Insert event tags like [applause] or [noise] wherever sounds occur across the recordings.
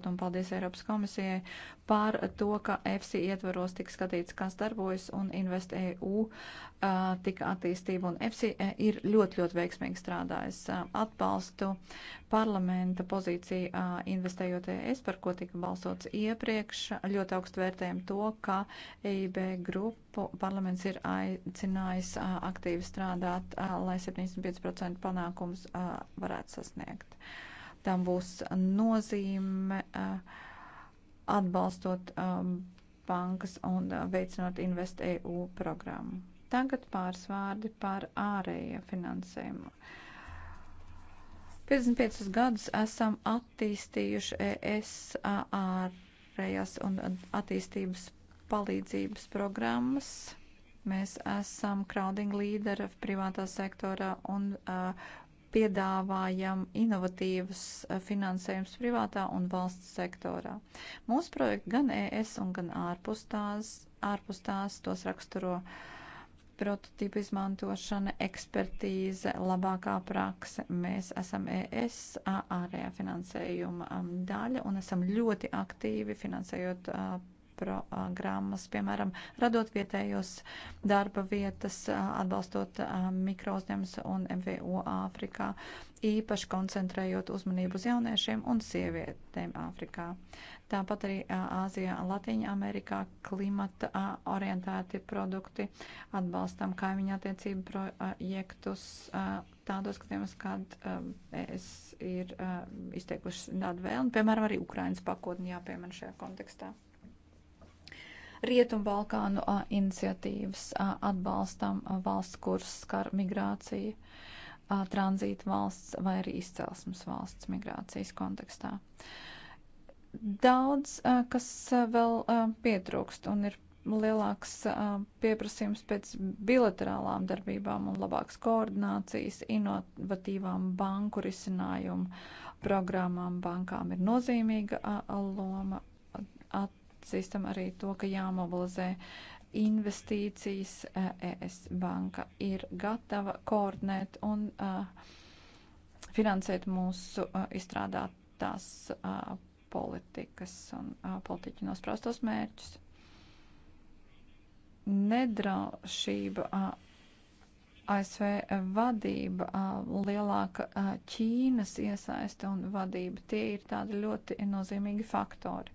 un paldies Eiropas komisijai par to, ka EFSI ietvaros tika skatīts, kas darbojas un Invest EU uh, tika attīstība un EFSI ir ļoti, ļoti veiksmīgi strādājis. Uh, atbalstu parlamenta pozīciju uh, investējot ES, par ko tika balsots iepriekš. Ļoti augstu vērtējam to, ka EIB grupu parlaments ir aicinājis aktīvi strādāt, lai 75% panākums varētu sasniegt tam būs nozīme eh, atbalstot eh, bankas un eh, veicinot InvestEU programmu. Tagad pāris vārdi par ārējo finansējumu. 55 gadus esam attīstījuši ES ārējās un attīstības palīdzības programmas. Mēs esam crowding līderi privātā sektorā un uh, piedāvājam inovatīvas eh, finansējums privātā un valsts sektorā. Mūsu projekti gan ES un gan ārpus tās, ārpus tās tos raksturo prototipu izmantošana, ekspertīze, labākā prakse. Mēs esam ES ārējā finansējuma daļa un esam ļoti aktīvi finansējot programmas, piemēram, radot vietējos darba vietas, atbalstot mikrouzņēmums un MVO Āfrikā, īpaši koncentrējot uzmanību uz jauniešiem un sievietēm Āfrikā. Tāpat arī Āzijā, Latīņa Amerikā klimata orientēti produkti atbalstam kaimiņa attiecību projektus tādos gadījumos, kad es ir izteikuši tādu vēlmi, piemēram, arī Ukrainas pakotni jāpiemina šajā kontekstā. Rietumbalkānu iniciatīvas atbalstam valsts, kuras skar migrāciju, tranzīta valsts vai arī izcelsmes valsts migrācijas kontekstā. Daudz, kas vēl pietrūkst un ir lielāks pieprasījums pēc bilaterālām darbībām un labākas koordinācijas, inovatīvām banku risinājumu programmām bankām ir nozīmīga loma at, atzīstam arī to, ka jāmobilizē investīcijas. ES eh, e banka ir gatava koordinēt un eh, finansēt mūsu eh, izstrādātās politikas un politiķu nospraustos mērķus. Nedraušība ASV vadība, lielāka Ķīnas iesaiste un vadība, tie ir tādi ļoti nozīmīgi faktori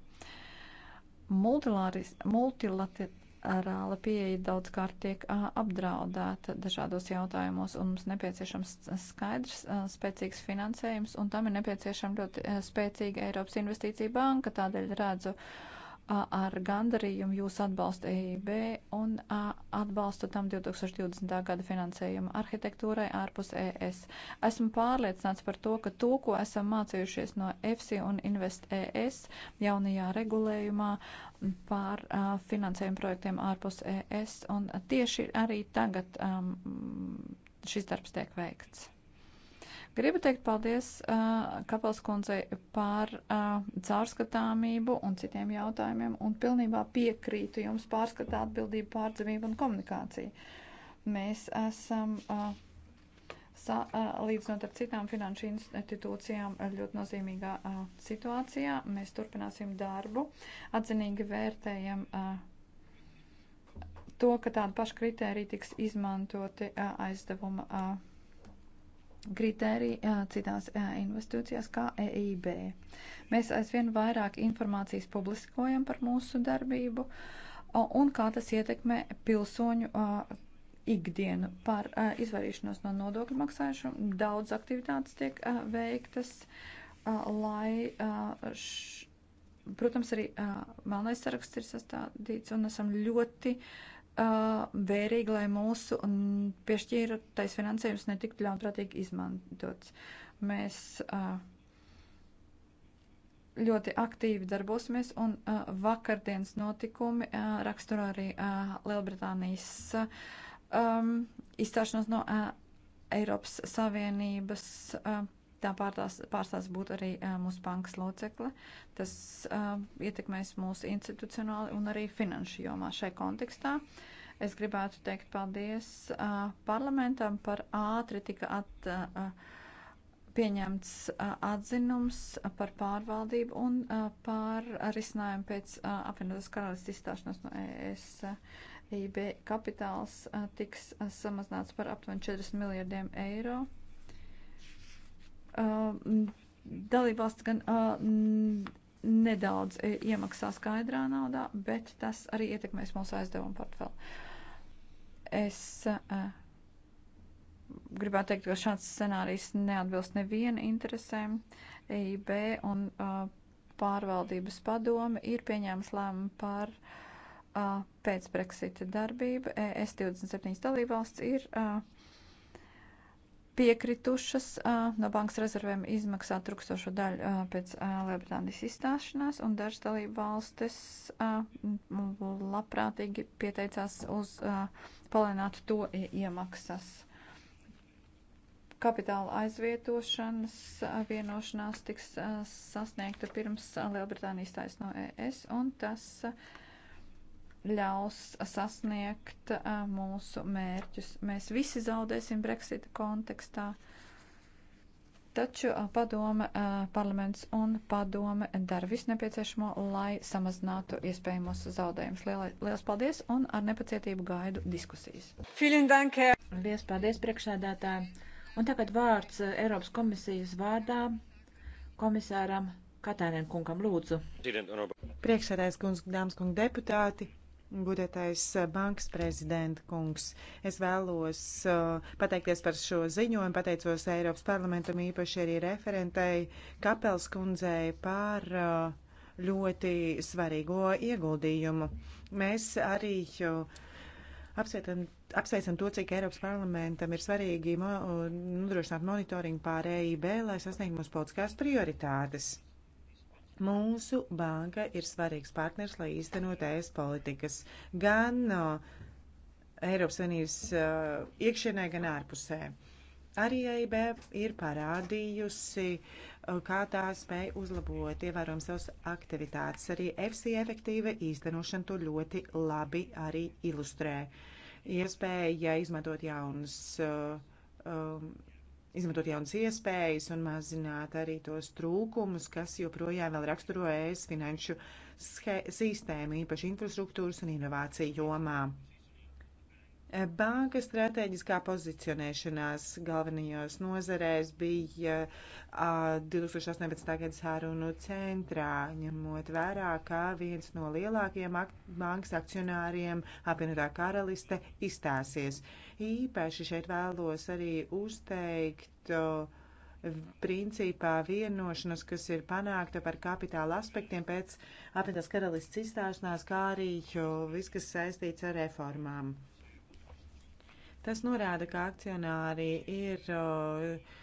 multilaterāla pieeja daudzkārt tiek apdraudēta dažādos jautājumos, un mums nepieciešams skaidrs, spēcīgs finansējums, un tam ir nepieciešama ļoti spēcīga Eiropas investīcija banka. Tādēļ redzu ar gandarījumu jūs atbalstu EIB un atbalstu tam 2020. gada finansējumu arhitektūrai ārpus ES. Esmu pārliecināts par to, ka to, ko esam mācījušies no EFSI un Invest ES jaunajā regulējumā par finansējumu projektiem ārpus ES, un tieši arī tagad um, šis darbs tiek veikts. Gribu teikt paldies uh, Kapels kundzei par uh, caurskatāmību un citiem jautājumiem, un pilnībā piekrītu jums pārskatā atbildību, pārdzīvību un komunikāciju. Mēs esam. Uh, salīdzinot uh, ar citām finanšu institūcijām ļoti nozīmīgā a, uh, situācijā. Mēs turpināsim darbu, atzinīgi vērtējam a, uh, to, ka tādi paši kriteriji tiks izmantoti a, aizdevuma kritēriji citās institūcijās, kā EIB. Mēs aizvien vairāk informācijas publiskojam par mūsu darbību un kā tas ietekmē pilsoņu ikdienu par izvairīšanos no nodokļu maksāšanu. Daudz aktivitātes tiek veiktas, lai, š... protams, arī melnais saraksts ir sastādīts un esam ļoti uh, vērīgi, lai mūsu piešķīrotais finansējums netiktu ļaunprātīgi izmantots. Mēs ļoti aktīvi darbosimies, un vakardienas notikumi raksturo arī Lielbritānijas um, izstāšanos no Eiropas Savienības. Uh, Tā pārtās, pārstās būt arī mūsu bankas locekle. Tas uh, ietekmēs mūsu institucionāli un arī finanšu jomā. Šai kontekstā es gribētu teikt paldies uh, parlamentam par ātri tika at, uh, pieņemts uh, atzinums par pārvaldību un uh, par risinājumu pēc uh, apvienotās karalists izstāšanos no ES. Uh, IB kapitāls uh, tiks uh, samazināts par aptuveni 40 miljardiem eiro. Uh, Uh, mm, dalībvalsts gan uh, mm, nedaudz e, iemaksā skaidrā naudā, bet tas arī ietekmēs mūsu aizdevumu portfeli. Es uh, gribētu teikt, ka šāds scenārijs neatbilst neviena interesēm. EIB un pārvaldības padome ir pieņēmis lēmumu par pēcbrexita darbību. E ES 27 dalībvalsts ir. A, piekritušas uh, no bankas rezervēm izmaksāt trūkstošo daļu uh, pēc uh, Lielbritānijas izstāšanās, un dažas dalību valstis uh, labprātīgi pieteicās uz uh, palielināt to iemaksas. Kapitāla aizvietošanas uh, vienošanās tiks uh, sasniegta pirms uh, Lielbritānija izstājas no ES, un tas uh, ļaus sasniegt mūsu mērķus. Mēs visi zaudēsim Brexita kontekstā, taču padome, parlaments un padome dara visu nepieciešamo, lai samazinātu iespējamos zaudējumus. Lielas paldies un ar nepacietību gaidu diskusijas. Lielas paldies priekšsēdētāji. Un tagad vārds Eiropas komisijas vārdā komisāram Katēnēn kungam lūdzu. Priekšsēdājas kungs, dāmas kungi deputāti, Budētais eh, bankas prezidenta kungs, es vēlos uh, pateikties par šo ziņojumu, pateicos Eiropas parlamentam īpaši arī referentei Kapels kundzei par uh, ļoti svarīgo ieguldījumu. Mēs arī uh, apsveicam, apsveicam to, cik Eiropas parlamentam ir svarīgi mo nodrošināt monitoringu pārējai e B, lai sasniegtu mūsu politiskās prioritātes. Mūsu banka ir svarīgs partners, lai īstenot ES politikas gan no Eiropas Savienības uh, iekšienē, gan ārpusē. Arī EIB ir parādījusi, uh, kā tā spēja uzlabot ievērojami savas aktivitātes. Arī FC efektīva īstenošana to ļoti labi arī ilustrē. Iespēja izmantot jaunus uh, um, izmantot jaunas iespējas un mazināt arī tos trūkumus, kas joprojām vēl raksturo ES finanšu sistēmu, īpaši infrastruktūras un inovāciju jomā. E, banka stratēģiskā pozicionēšanās galvenajos nozarēs bija 2018. gada sārunu centrā, ņemot vērā, ka viens no lielākajiem ak bankas akcionāriem apvienotā karaliste izstāsies. Uh, Īpaši šeit vēlos arī uzteikt uh, principā vienošanos, kas ir panākta par kapitāla aspektiem pēc apvienotās karalists izstāšanās, kā arī viss, kas saistīts ar reformām. Tas norāda, ka akcionāri ir uh,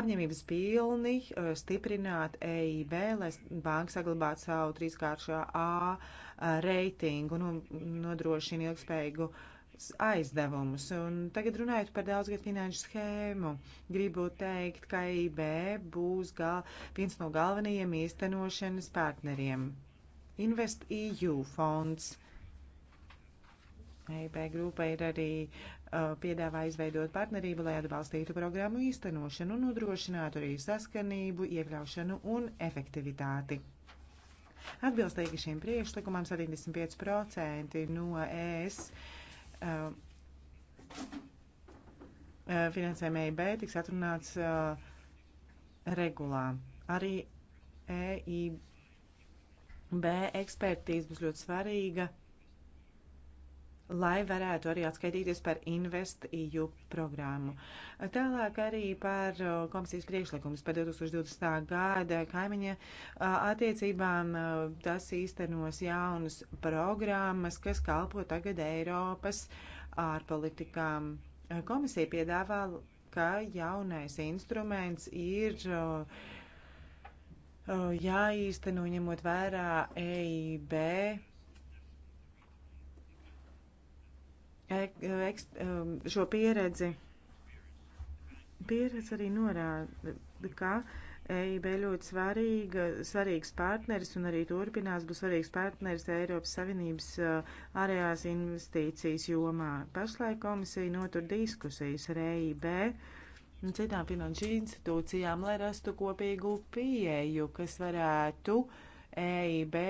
apņemības pilni uh, stiprināt EIB, lai banka saglabātu savu trīskāršā A uh, reitingu un nodrošina ilgspējīgu uh, aizdevumus. Un tagad runājot par daudzgad finanšu schēmu, gribu teikt, ka IB būs gal, viens no galvenajiem īstenošanas partneriem. Invest EU fonds. EIB grupa ir arī uh, piedāvā izveidot partnerību, lai atbalstītu programmu īstenošanu un nodrošinātu arī saskanību, iekļaušanu un efektivitāti. Atbilstīgi šim priekšlikumam 75% no ES uh, Uh, uh, finansējuma EIB tiks atrunāts uh, regulā. Arī EIB ekspertīze būs ļoti svarīga lai varētu arī atskaitīties par InvestEU programmu. Tālāk arī par uh, komisijas priekšlikumus par 2020. gada kaimiņa uh, attiecībām uh, tas īstenos jaunas programmas, kas kalpo tagad Eiropas ārpolitikām. Komisija piedāvā, ka jaunais instruments ir jāīsteno ņemot vērā EIB ek, um, šo pieredzi. Pieredze arī norāda, ka EIB ļoti svarīga, svarīgs partneris un arī turpinās būs svarīgs partneris Eiropas Savienības uh, ārējās investīcijas jomā. Pašlaik komisija notur diskusijas ar EIB un citām finanšu institūcijām, lai rastu kopīgu pieeju, kas varētu EIB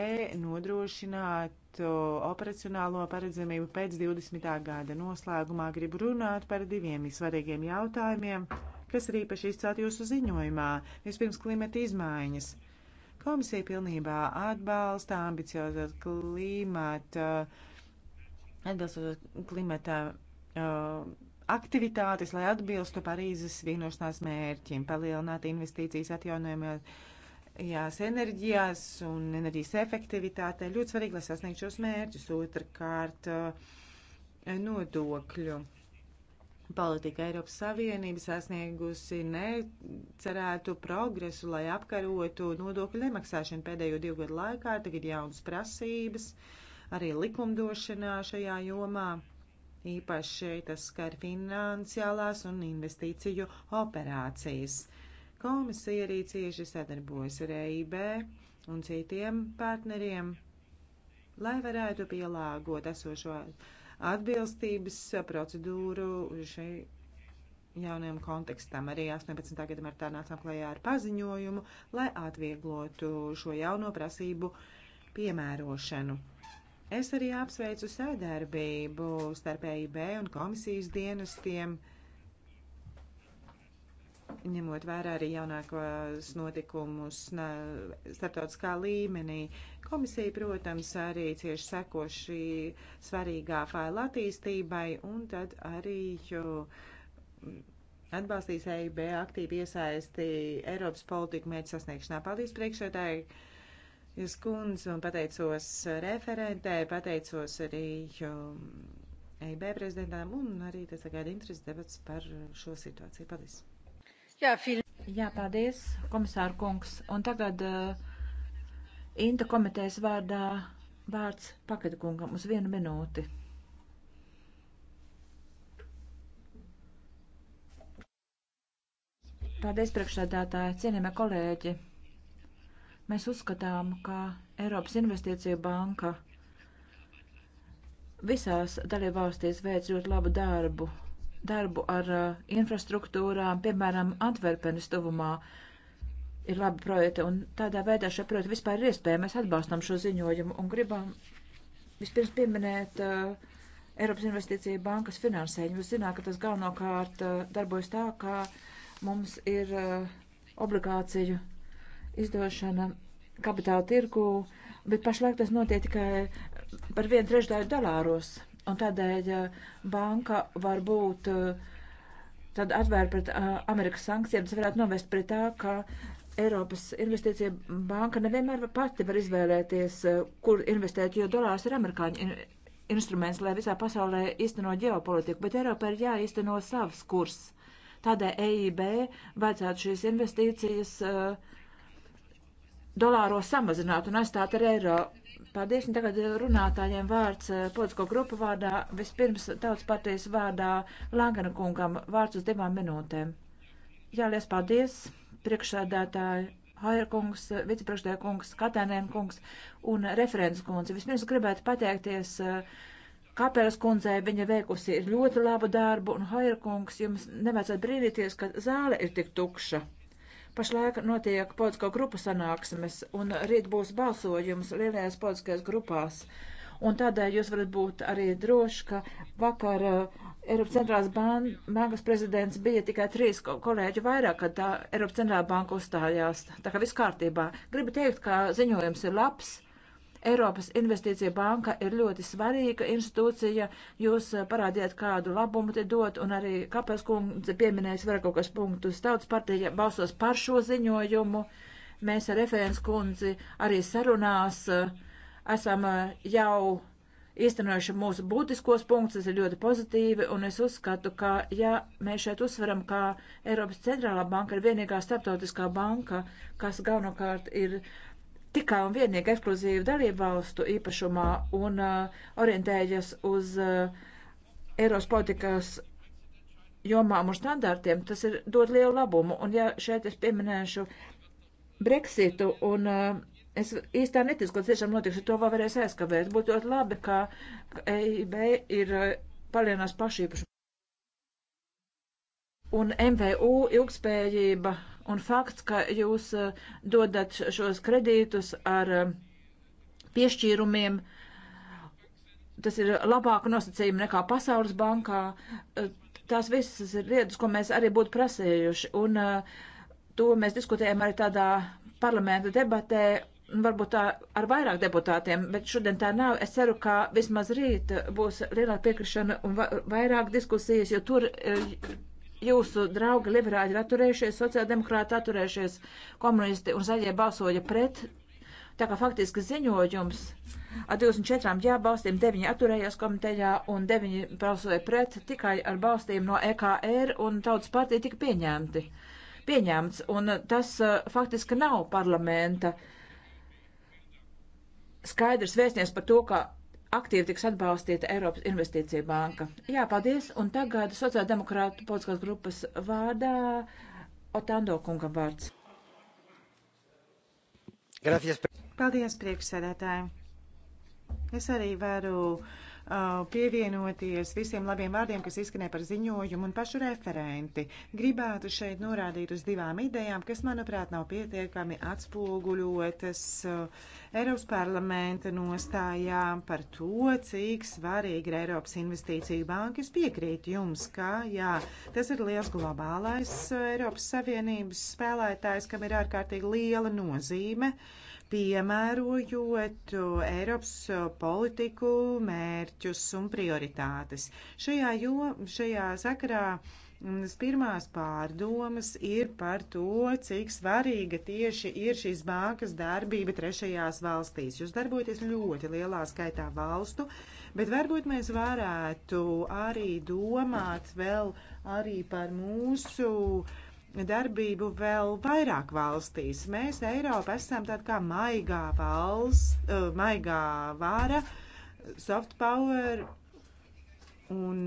nodrošināt panāktu operacionālo paredzamību pēc 20. gada. Noslēgumā gribu runāt par diviem svarīgiem jautājumiem, kas arī paši izcelt jūsu ziņojumā. Vispirms klimata izmaiņas. Komisija pilnībā atbalsta ambiciozas klimata, atbilstot klimata. Uh, aktivitātes, lai atbilstu Parīzes vienošanās mērķim, palielināt investīcijas atjaunojumiem jās enerģijās un enerģijas efektivitātē. Ļoti svarīgi, lai sasniegtu šos mērķus. Otrakārt, eh, nodokļu politika Eiropas Savienība sasniegusi necerētu progresu, lai apkarotu nodokļu nemaksāšanu pēdējo divu gadu laikā. Tagad jaunas prasības, arī likumdošanā šajā jomā. Īpaši tas skar finansiālās un investīciju operācijas. Uh, Komisija arī cieši sadarbojas ar EIB un citiem partneriem, lai varētu pielāgot esošo atbilstības procedūru šai jaunajam kontekstam. Arī 18. gada martā nācām klajā ar paziņojumu, lai atvieglotu šo jauno prasību piemērošanu. Es arī apsveicu sadarbību starp EIB un komisijas dienestiem. Uh, ņemot vērā arī jaunākos notikumus starptautiskā līmenī. Komisija, protams, arī cieši seko šī svarīgā faila attīstībai un tad arī atbalstīs EIB aktīvi iesaisti Eiropas politiku mērķu sasniegšanā. Paldies priekšētāji! Jūs kundze un pateicos referentē, pateicos arī EIB prezidentam un arī tas tagad interesi debats par šo situāciju. Paldies! Jā, fil... Jā paldies, komisāra kungs. Un tagad uh, Inta komitejas vārdā vārds paketkungam uz vienu minūti. Paldies, priekšsēdētāji, cienījamie kolēģi. Mēs uzskatām, ka Eiropas Investīcija banka visās dalībvalstīs veic ļoti labu darbu darbu ar uh, infrastruktūrām, piemēram, Antverpenes tuvumā ir labi projekti, un tādā veidā šie projekti vispār ir iespēja. Mēs atbalstam šo ziņojumu un gribam vispirms pieminēt uh, Eiropas Investīcija bankas finansējumu. Jūs zināt, ka tas galvenokārt uh, darbojas tā, ka mums ir uh, obligāciju izdošana kapitāla tirgu, bet pašlaik tas notiek tikai par vienu trešdaļu dolāros. Un tādēļ banka var būt eh, tad atvērt pret eh, Amerikas sankcijām. Tas varētu novest pret tā, ka Eiropas investīcija banka nevienmēr pati var izvēlēties, eh, kur investēt, jo dolārs ir amerikāņu instruments, lai visā pasaulē īsteno ģeopolitiku, bet Eiropā ir jāīsteno savs kurs. Tādēļ EIB vajadzētu šīs investīcijas uh, dolāros samazināt un aizstāt ar eiro. Paldies, un tagad eh, runātājiem vārds eh, politisko grupu vārdā. Vispirms tautas partijas vārdā Langana kungam vārds uz divām minūtēm. Jā, liels paldies, priekšsēdētāji, Hajer kungs, vicepriekšsēdētāja kungs, Katēnēn kungs un referents kundze. Vispirms gribētu pateikties eh, Kapelas kundzei, viņa veikusi ir ļoti labu darbu, un Hajer kungs, jums nevajadzētu brīnīties, ka zāle ir tik tukša. Pašlaik notiek politisko grupu sanāksmes, un rīt būs balsojums lielajās politiskajās grupās. Un tādēļ jūs varat būt arī droši, ka vakar uh, Eiropas centrālās bankas prezidents bija tikai trīs kolēģi vairāk, kad tā Eiropas centrālā banka uzstājās. Tā kā viss kārtībā. Gribu teikt, ka ziņojums ir labs. Eiropas investīcija banka ir ļoti svarīga institūcija. Jūs eh, parādījāt, kādu labumu te dot, un arī kāpēc kungs pieminējis vēl kaut kas punktus. Tautas partija balsos par šo ziņojumu. Mēs ar referents kundzi arī sarunās eh, esam eh, jau īstenojuši mūsu būtiskos punktus, tas ir ļoti pozitīvi, un es uzskatu, ka, ja mēs šeit uzsveram, ka Eiropas centrālā banka ir vienīgā starptautiskā banka, kas galvenokārt ir uh, tikai un vienīgi ekskluzīvi dalību valstu īpašumā un uh, orientējas uz uh, Eiros politikas jomām un standārtiem, tas ir dod lielu labumu. Un ja šeit es pieminēšu Brexitu un uh, es īstā neticu, ka tiešām notiks, to vēl varēs aizkavēt. Būtu ļoti labi, ka EIB ir uh, palienās pašīpašumu. Un MVU ilgspējība Un fakts, ka jūs eh, dodat šos kredītus ar eh, piešķīrumiem, tas ir labāka nosacījuma nekā Pasaules bankā. Eh, tās visas ir lietas, ko mēs arī būtu prasējuši. Un to mēs diskutējam arī tādā parlamenta debatē. Varbūt tā ar vairāk deputātiem, bet šodien tā nav. Es ceru, ka vismaz rīt būs lielāka piekrišana un vairāk diskusijas, jo tur jūsu draugi liberāļi ir atturējušies, sociāldemokrāti atturējušies, komunisti un zaļie balsoja pret. Tā kā faktiski ziņojums ar 24 jā balstīm 9 atturējās komitejā un 9 balsoja pret tikai ar balstīm no EKR un Tautas partija tika pieņemti. Pieņemts, un tas uh, faktiski nav parlamenta skaidrs vēstnieks par to, ka aktīvi tiks atbalstīta Eiropas investīcija banka. Jā, paldies, un tagad sociāldemokrātu politiskās grupas vārdā Otando kungam vārds. Gracias. Paldies, priekšsēdētāji. Es arī varu uh, Uh, pievienoties visiem labiem vārdiem, kas izskanē par ziņojumu un pašu referenti. Gribētu šeit norādīt uz divām idejām, kas, manuprāt, nav pietiekami atspoguļotas uh, Eiropas parlamenta nostājā par to, cik svarīgi ir Eiropas investīciju banka. Es piekrītu jums, ka jā, tas ir liels globālais uh, Eiropas Savienības spēlētājs, kam ir ārkārtīgi liela nozīme. Uh, piemērojot Eiropas politiku mērķus un prioritātes. Šajā, jo, šajā sakarā Manas mm, pirmās pārdomas ir par to, cik svarīga tieši ir šīs bankas darbība trešajās valstīs. Jūs darbojaties ļoti lielā skaitā valstu, bet varbūt mēs varētu arī domāt vēl arī par mūsu uh, darbību vēl vairāk valstīs. Mēs Eiropa esam tāda kā maigā valsts, uh, eh, maigā vāra, soft power, un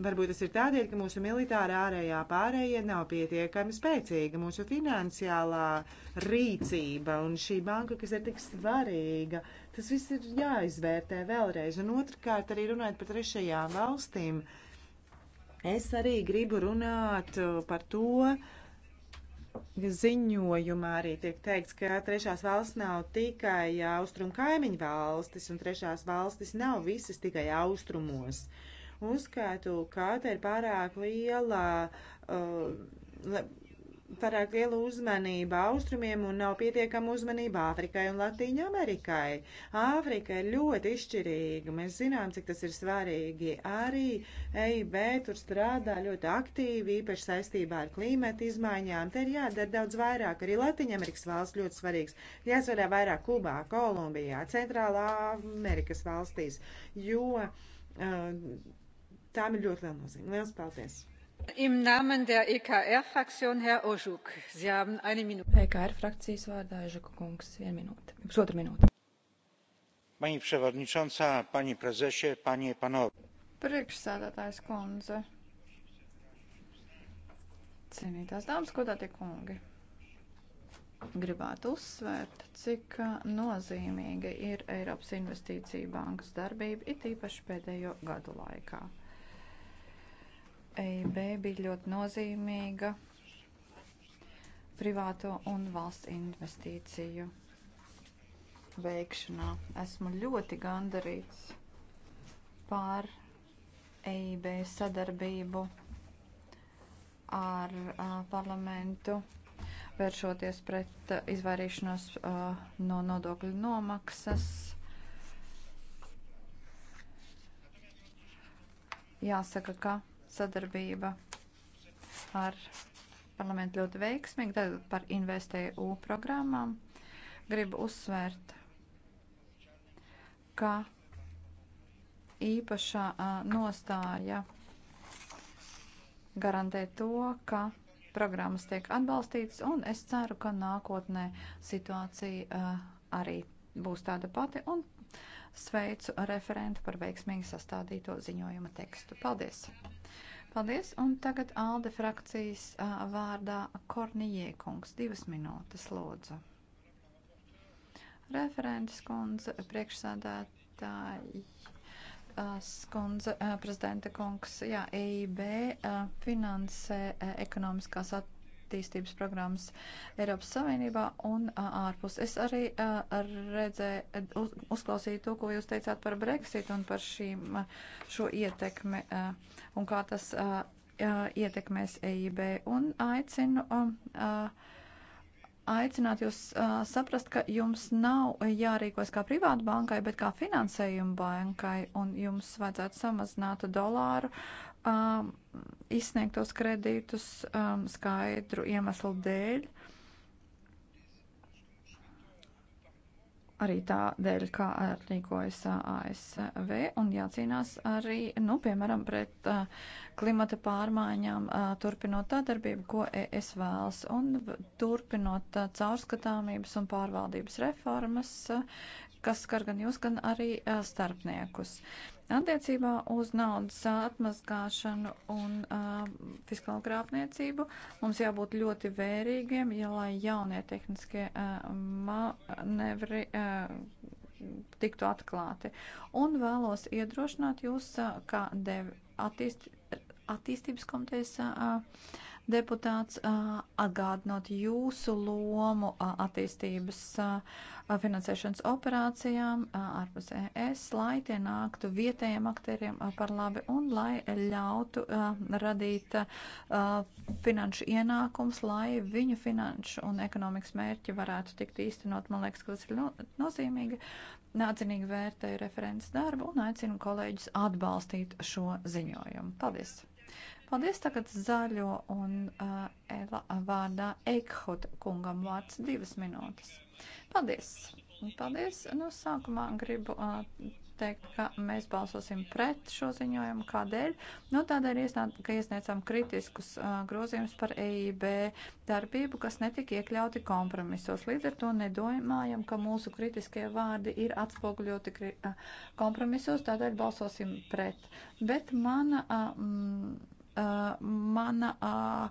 varbūt tas ir tādēļ, ka mūsu militāra ārējā pārējie nav pietiekami spēcīga, mūsu finansiālā rīcība un šī banka, kas ir tik svarīga, tas viss ir jāizvērtē vēlreiz. Un otrkārt arī runājot par trešajām valstīm. Uh, Es arī gribu runāt uh, par to, ziņojumā arī tiek teikts, ka trešās valsts nav tikai austrumu kaimiņu valstis, un trešās valstis nav visas tikai austrumos. Uzskatu, ka te ir pārāk liela. Uh, pārāk liela uzmanība austrumiem un nav pietiekama uzmanība Āfrikai un Latīņa Amerikai. Āfrika ir ļoti izšķirīga. Mēs zinām, cik tas ir svarīgi. Arī EIB tur strādā ļoti aktīvi, īpaši saistībā ar klimata izmaiņām. Te ir jādara daudz vairāk. Arī Latīņa Amerikas valsts ļoti svarīgs. Jāsvarā vairāk Kubā, Kolumbijā, Centrālā Amerikas valstīs, jo uh, tām ir ļoti liela nozīme. Liels paldies! EKR, e fraksion, Ožuk, EKR e frakcijas vārdā Ežuka kungs, viena minūte, pusotra minūte. Pani przewodnicząca, pani prezesie, panie, panowie. Priekšsēdētājs kundze. Cienītās dāmas, godātie kungi gribētu uzsvērt, cik nozīmīga ir Eiropas Investīcija bankas darbība, it īpaši pēdējo gadu laikā. EIB bija ļoti nozīmīga privāto un valsts investīciju veikšanā. Esmu ļoti gandarīts par EIB sadarbību ar a, parlamentu, vēršoties pret a, izvairīšanos a, no nodokļu nomaksas. Jāsaka, ka sadarbība ar parlamentu ļoti veiksmīgi. Tad par investēju e programmām gribu uzsvērt, ka īpašā nostāja garantē to, ka programmas tiek atbalstītas, un es ceru, ka nākotnē situācija arī būs tāda pati, un Sveicu referentu par veiksmīgi sastādīto ziņojuma tekstu. Paldies! Paldies! Un tagad ALDE frakcijas vārdā Kornijē kungs. Divas minūtes lūdzu. Referents kundze, priekšsādātāji skundze, prezidenta kungs, jā, EIB finansē ekonomiskās attīstības attīstības programmas Eiropas Savienībā un ārpus. Es arī redzēju, uz, uzklausīju to, ko jūs teicāt par Brexit un par šīm, šo ietekmi un kā tas ietekmēs EIB un aicinu. Aicināt jūs uh, saprast, ka jums nav jārīkojas kā privāta bankai, bet kā finansējuma bankai, un jums vajadzētu samazināt dolāru uh, um, izsniegtos kredītus um, skaidru iemeslu dēļ. Arī tā dēļ, kā rīkojas uh, ASV, un jācīnās arī, nu, piemēram, pret uh, klimata pārmaiņām, turpinot tā darbību, ko es vēlas, un turpinot caurskatāmības un pārvaldības reformas, kas skar gan jūs, gan arī starpniekus. Attiecībā uz naudas atmazgāšanu un uh, fiskālu krāpniecību mums jābūt ļoti vērīgiem, ja lai jaunie tehniskie uh, manevri uh, tiktu atklāti. Un vēlos iedrošināt jūs, uh, kā devi attīstīt attīstības komitejas deputāts, atgādinot jūsu lomu attīstības finansēšanas operācijām ārpus ES, lai tie nāktu vietējiem aktieriem par labi un lai ļautu radīt finanšu ienākums, lai viņu finanšu un ekonomikas mērķi varētu tikt īstenot. Man liekas, ka tas ir nozīmīgi. Nācinīgi vērtēju referents darbu un aicinu kolēģis atbalstīt šo ziņojumu. Paldies! Paldies tagad zaļo un uh, Ela vārdā Eikhot kungam vārds divas minūtes. Paldies! Paldies! Nu, sākumā gribu uh, teikt, ka mēs balsosim pret šo ziņojumu. Kādēļ? Nu, tādēļ, iesnāt, ka iesniedzām kritiskus uh, grozījumus par EIB darbību, kas netika iekļauti kompromisos. Līdz ar to nedomājam, ka mūsu kritiskie vārdi ir atspoguļoti kri, uh, kompromisos, tādēļ balsosim pret. Bet mana. Uh, mm, Uh, mana uh,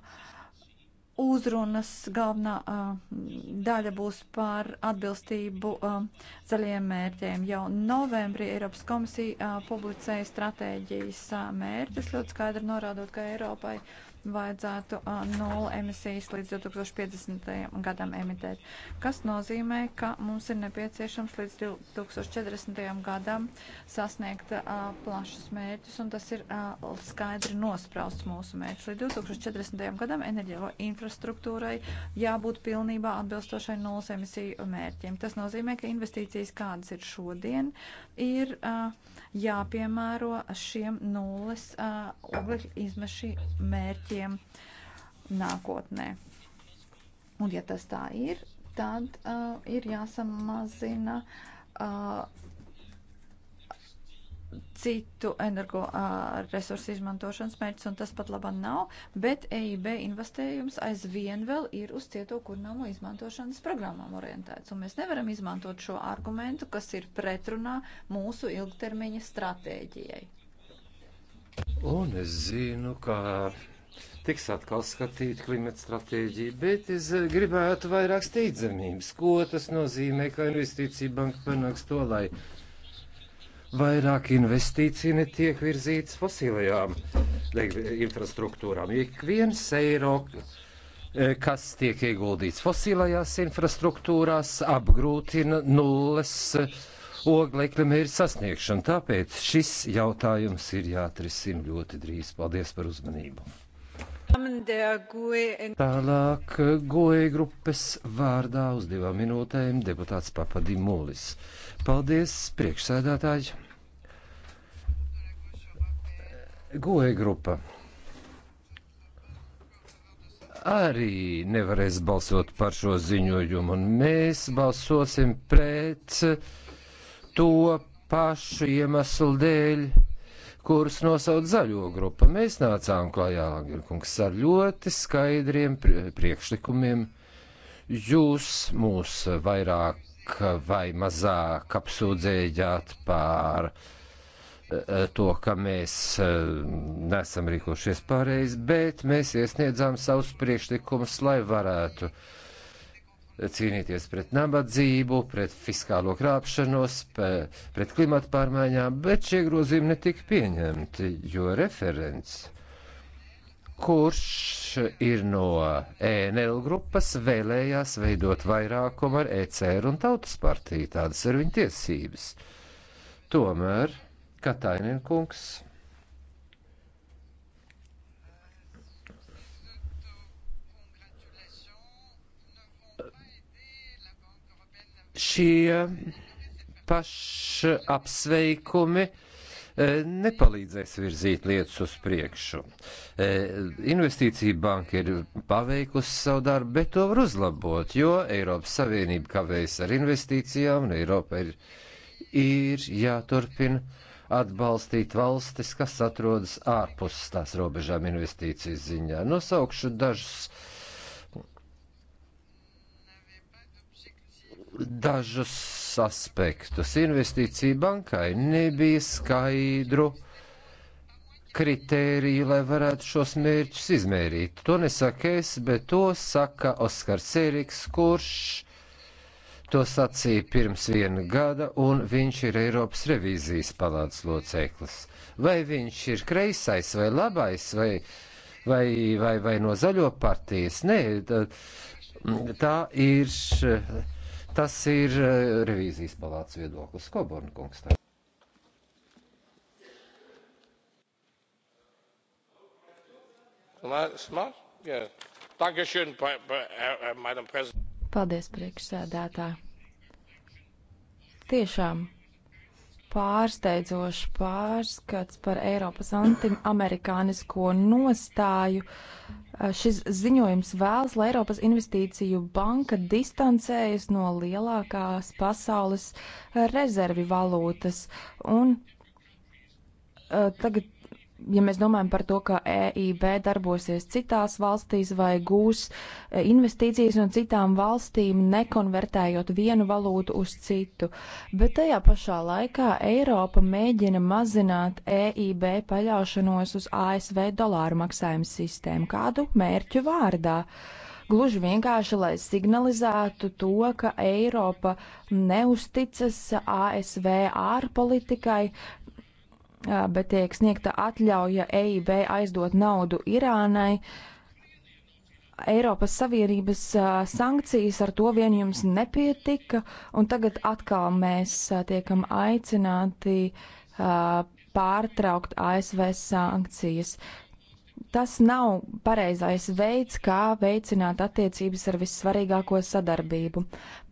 uzrunas galvenā uh, daļa būs par atbilstību zaļiem mērķiem. Jau novembrī Eiropas komisija publicēja stratēģijas mērķus, ļoti skaidri norādot, ka Eiropai vajadzētu nulli emisijas līdz 2050. gadam emitēt, kas nozīmē, ka mums ir nepieciešams līdz 2040. gadam sasniegt uh, plašus mērķus, un tas ir uh, skaidri nosprausts mūsu mērķis. Līdz 2040. gadam enerģio infrastruktūrai jābūt pilnībā atbilstošai nulles emisiju mērķiem. Tas nozīmē, ka investīcijas, kādas ir šodien, ir uh, jāpiemēro šiem nulles uh, oglekļa izmešu mērķiem mērķiem nākotnē. Un ja tas tā ir, tad uh, ir jāsamazina uh, citu energo uh, resursu izmantošanas mērķis, un tas pat labā nav, bet EIB investējums aizvien vēl ir uz cieto kurnamo izmantošanas programmām orientēts. Un mēs nevaram izmantot šo argumentu, kas ir pretrunā mūsu ilgtermiņa stratēģijai. Un es zinu, ka tiks atkal skatīta klimata stratēģija, bet es gribētu vairāk steidzamības. Ko tas nozīmē, ka investīcija banka panāks to, lai vairāk investīciju netiek virzītas fosilajām infrastruktūrām. Ik viens eiro, e, kas tiek ieguldīts fosilajās infrastruktūrās, apgrūtina nulles oglekļa mērķa sasniegšanu. Tāpēc šis jautājums ir jāatrisina ļoti drīz. Paldies par uzmanību! Tālāk goja grupas vārdā uz divām minūtēm deputāts Papadimulis. Paldies, priekšsēdētāji! Goja grupa arī nevarēs balsot par šo ziņojumu, un mēs balsosim pret to pašu iemeslu dēļ kurus nosauc zaļo grupa. Mēs nācām klajā, Langirkungs, ar ļoti skaidriem priekšlikumiem. Jūs mūs vairāk vai mazāk apsūdzējāt par eh, to, ka mēs eh, nesam rīkošies pareizi, bet mēs iesniedzām savus priekšlikumus, lai varētu uh, cīnīties pret nabadzību, pret fiskālo krāpšanos, pret klimatu pārmaiņām, bet šie grozījumi netika pieņemti, jo referents, kurš ir no ENL grupas, vēlējās veidot vairākumu ar ECR un Tautas partiju, tādas ir viņa tiesības. Tomēr Katainen kungs šie pašapsveikumi e, nepalīdzēs virzīt lietas uz priekšu. E, investīcija banka ir paveikusi savu darbu, bet to var uzlabot, jo Eiropas Savienība kavējas ar investīcijām un Eiropa ir, ir jāturpina atbalstīt valstis, kas atrodas ārpus tās robežām investīcijas ziņā. Nosaukšu dažus uh, dažus aspektus. Investīcija bankai nebija skaidru kritēriju, lai varētu šos mērķus izmērīt. To nesaka es, bet to saka Oskars Eriks, kurš to sacīja pirms viena gada, un viņš ir Eiropas revīzijas palādes loceklis. Vai viņš ir kreisais vai labais vai, vai, vai, vai no zaļo partijas? Nē, tā, tā ir Tas ir eh, revīzijas palāca viedoklis. Koborn kungs. Eh, eh, Paldies, priekšsēdētāji. Tiešām pārsteidzošs pārskats par Eiropas antiamerikānisko nostāju. Eh, šis ziņojums vēlas, lai Eiropas investīciju banka distancējas no lielākās pasaules rezervi valūtas. Un uh, tagad ja mēs domājam par to, ka EIB darbosies citās valstīs vai gūs e, investīcijas no citām valstīm, nekonvertējot vienu valūtu uz citu, bet tajā pašā laikā Eiropa mēģina mazināt EIB paļaušanos uz ASV dolāru maksājumu sistēmu kādu mērķu vārdā. Gluži vienkārši, lai signalizētu to, ka Eiropa neusticas ASV ārpolitikai, bet tiek sniegta atļauja EIB aizdot naudu Irānai. Eiropas Savienības sankcijas ar to vien jums nepietika, un tagad atkal mēs tiekam aicināti pārtraukt ASV sankcijas. Tas nav pareizais veids, kā veicināt attiecības ar vissvarīgāko sadarbību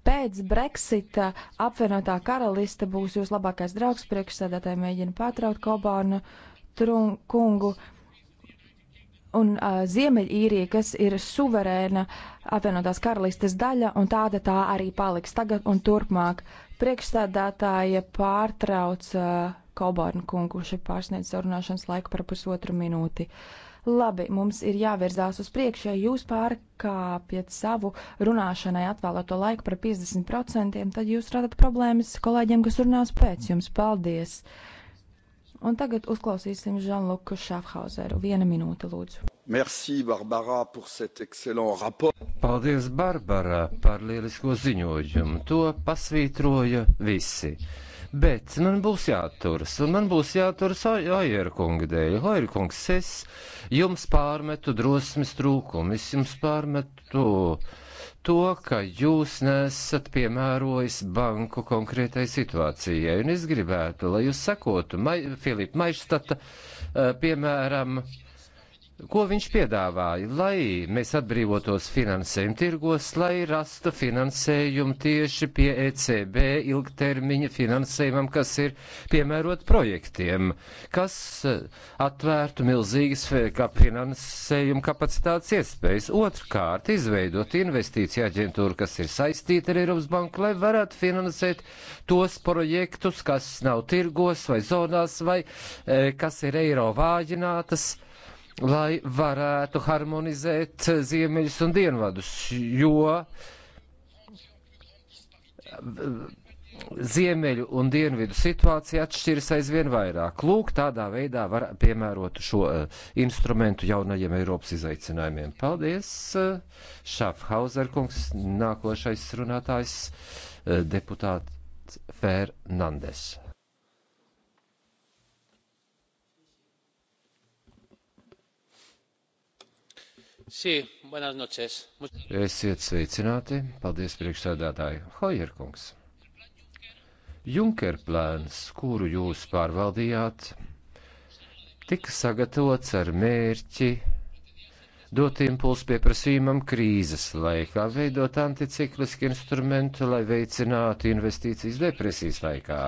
pēc Brexita apvienotā karaliste būs jūs labākais draugs priekšsēdētāji mēģina pārtraukt Kobānu kungu. Un uh, Ziemeļīrija, kas ir suverēna apvienotās karalistes daļa, un tāda tā arī paliks tagad un turpmāk. Priekšstādātāja pārtrauc uh, Kobornu kungu, šeit pārsniedz sarunāšanas laiku par pusotru minūti. Uh, Labi, mums ir jāvirzās uz priekšu, ja jūs pārkāpjat savu runāšanai atvēlēto laiku par 50%, tad jūs radat problēmas kolēģiem, kas runās pēc jums. Paldies! Un tagad uzklausīsim Žanluku Šafhauseru. Viena minūte, lūdzu. Merci, Barbara, par cet excellent rapport. Paldies, Barbara, par lielisko ziņojumu. To pasvītroja visi bet man būs jāturas, un man būs jāturas Aierkunga dēļ. Aierkungs, es jums pārmetu drosmes trūkumu, es jums pārmetu to, ka jūs nesat piemērojis banku konkrētai situācijai, un es gribētu, lai jūs sekotu Mai Filipa Maištata, eh, piemēram, uh, Ko viņš piedāvāja? Lai mēs atbrīvotos finansējumu tirgos, lai rasta finansējumu tieši pie ECB ilgtermiņa finansējumam, kas ir piemērot projektiem, kas eh, atvērtu milzīgas kā finansējuma kapacitātes iespējas. Otrkārt, izveidot investīcija aģentūru, kas ir saistīta ar Eiropas banku, lai varētu finansēt tos projektus, kas nav tirgos vai zonās vai eh, kas ir eiro vāģinātas lai varētu harmonizēt ziemeļus un dienvadus, jo ziemeļu un dienvidu situācija atšķiras aizvien vairāk. Lūk, tādā veidā var piemērot šo uh, instrumentu jaunajiem Eiropas izaicinājumiem. Paldies, uh, eh, Šafhauser kungs, nākošais runātājs uh, deputāts Fernandes. Esiet sveicināti. Paldies, priekšsēdētāji. Hojerkungs. Junker plāns, kuru jūs pārvaldījāt, tika sagatavots ar mērķi dot impulsu pieprasījumam krīzes laikā, veidot anticikliski instrumentu, lai veicinātu investīcijas depresijas laikā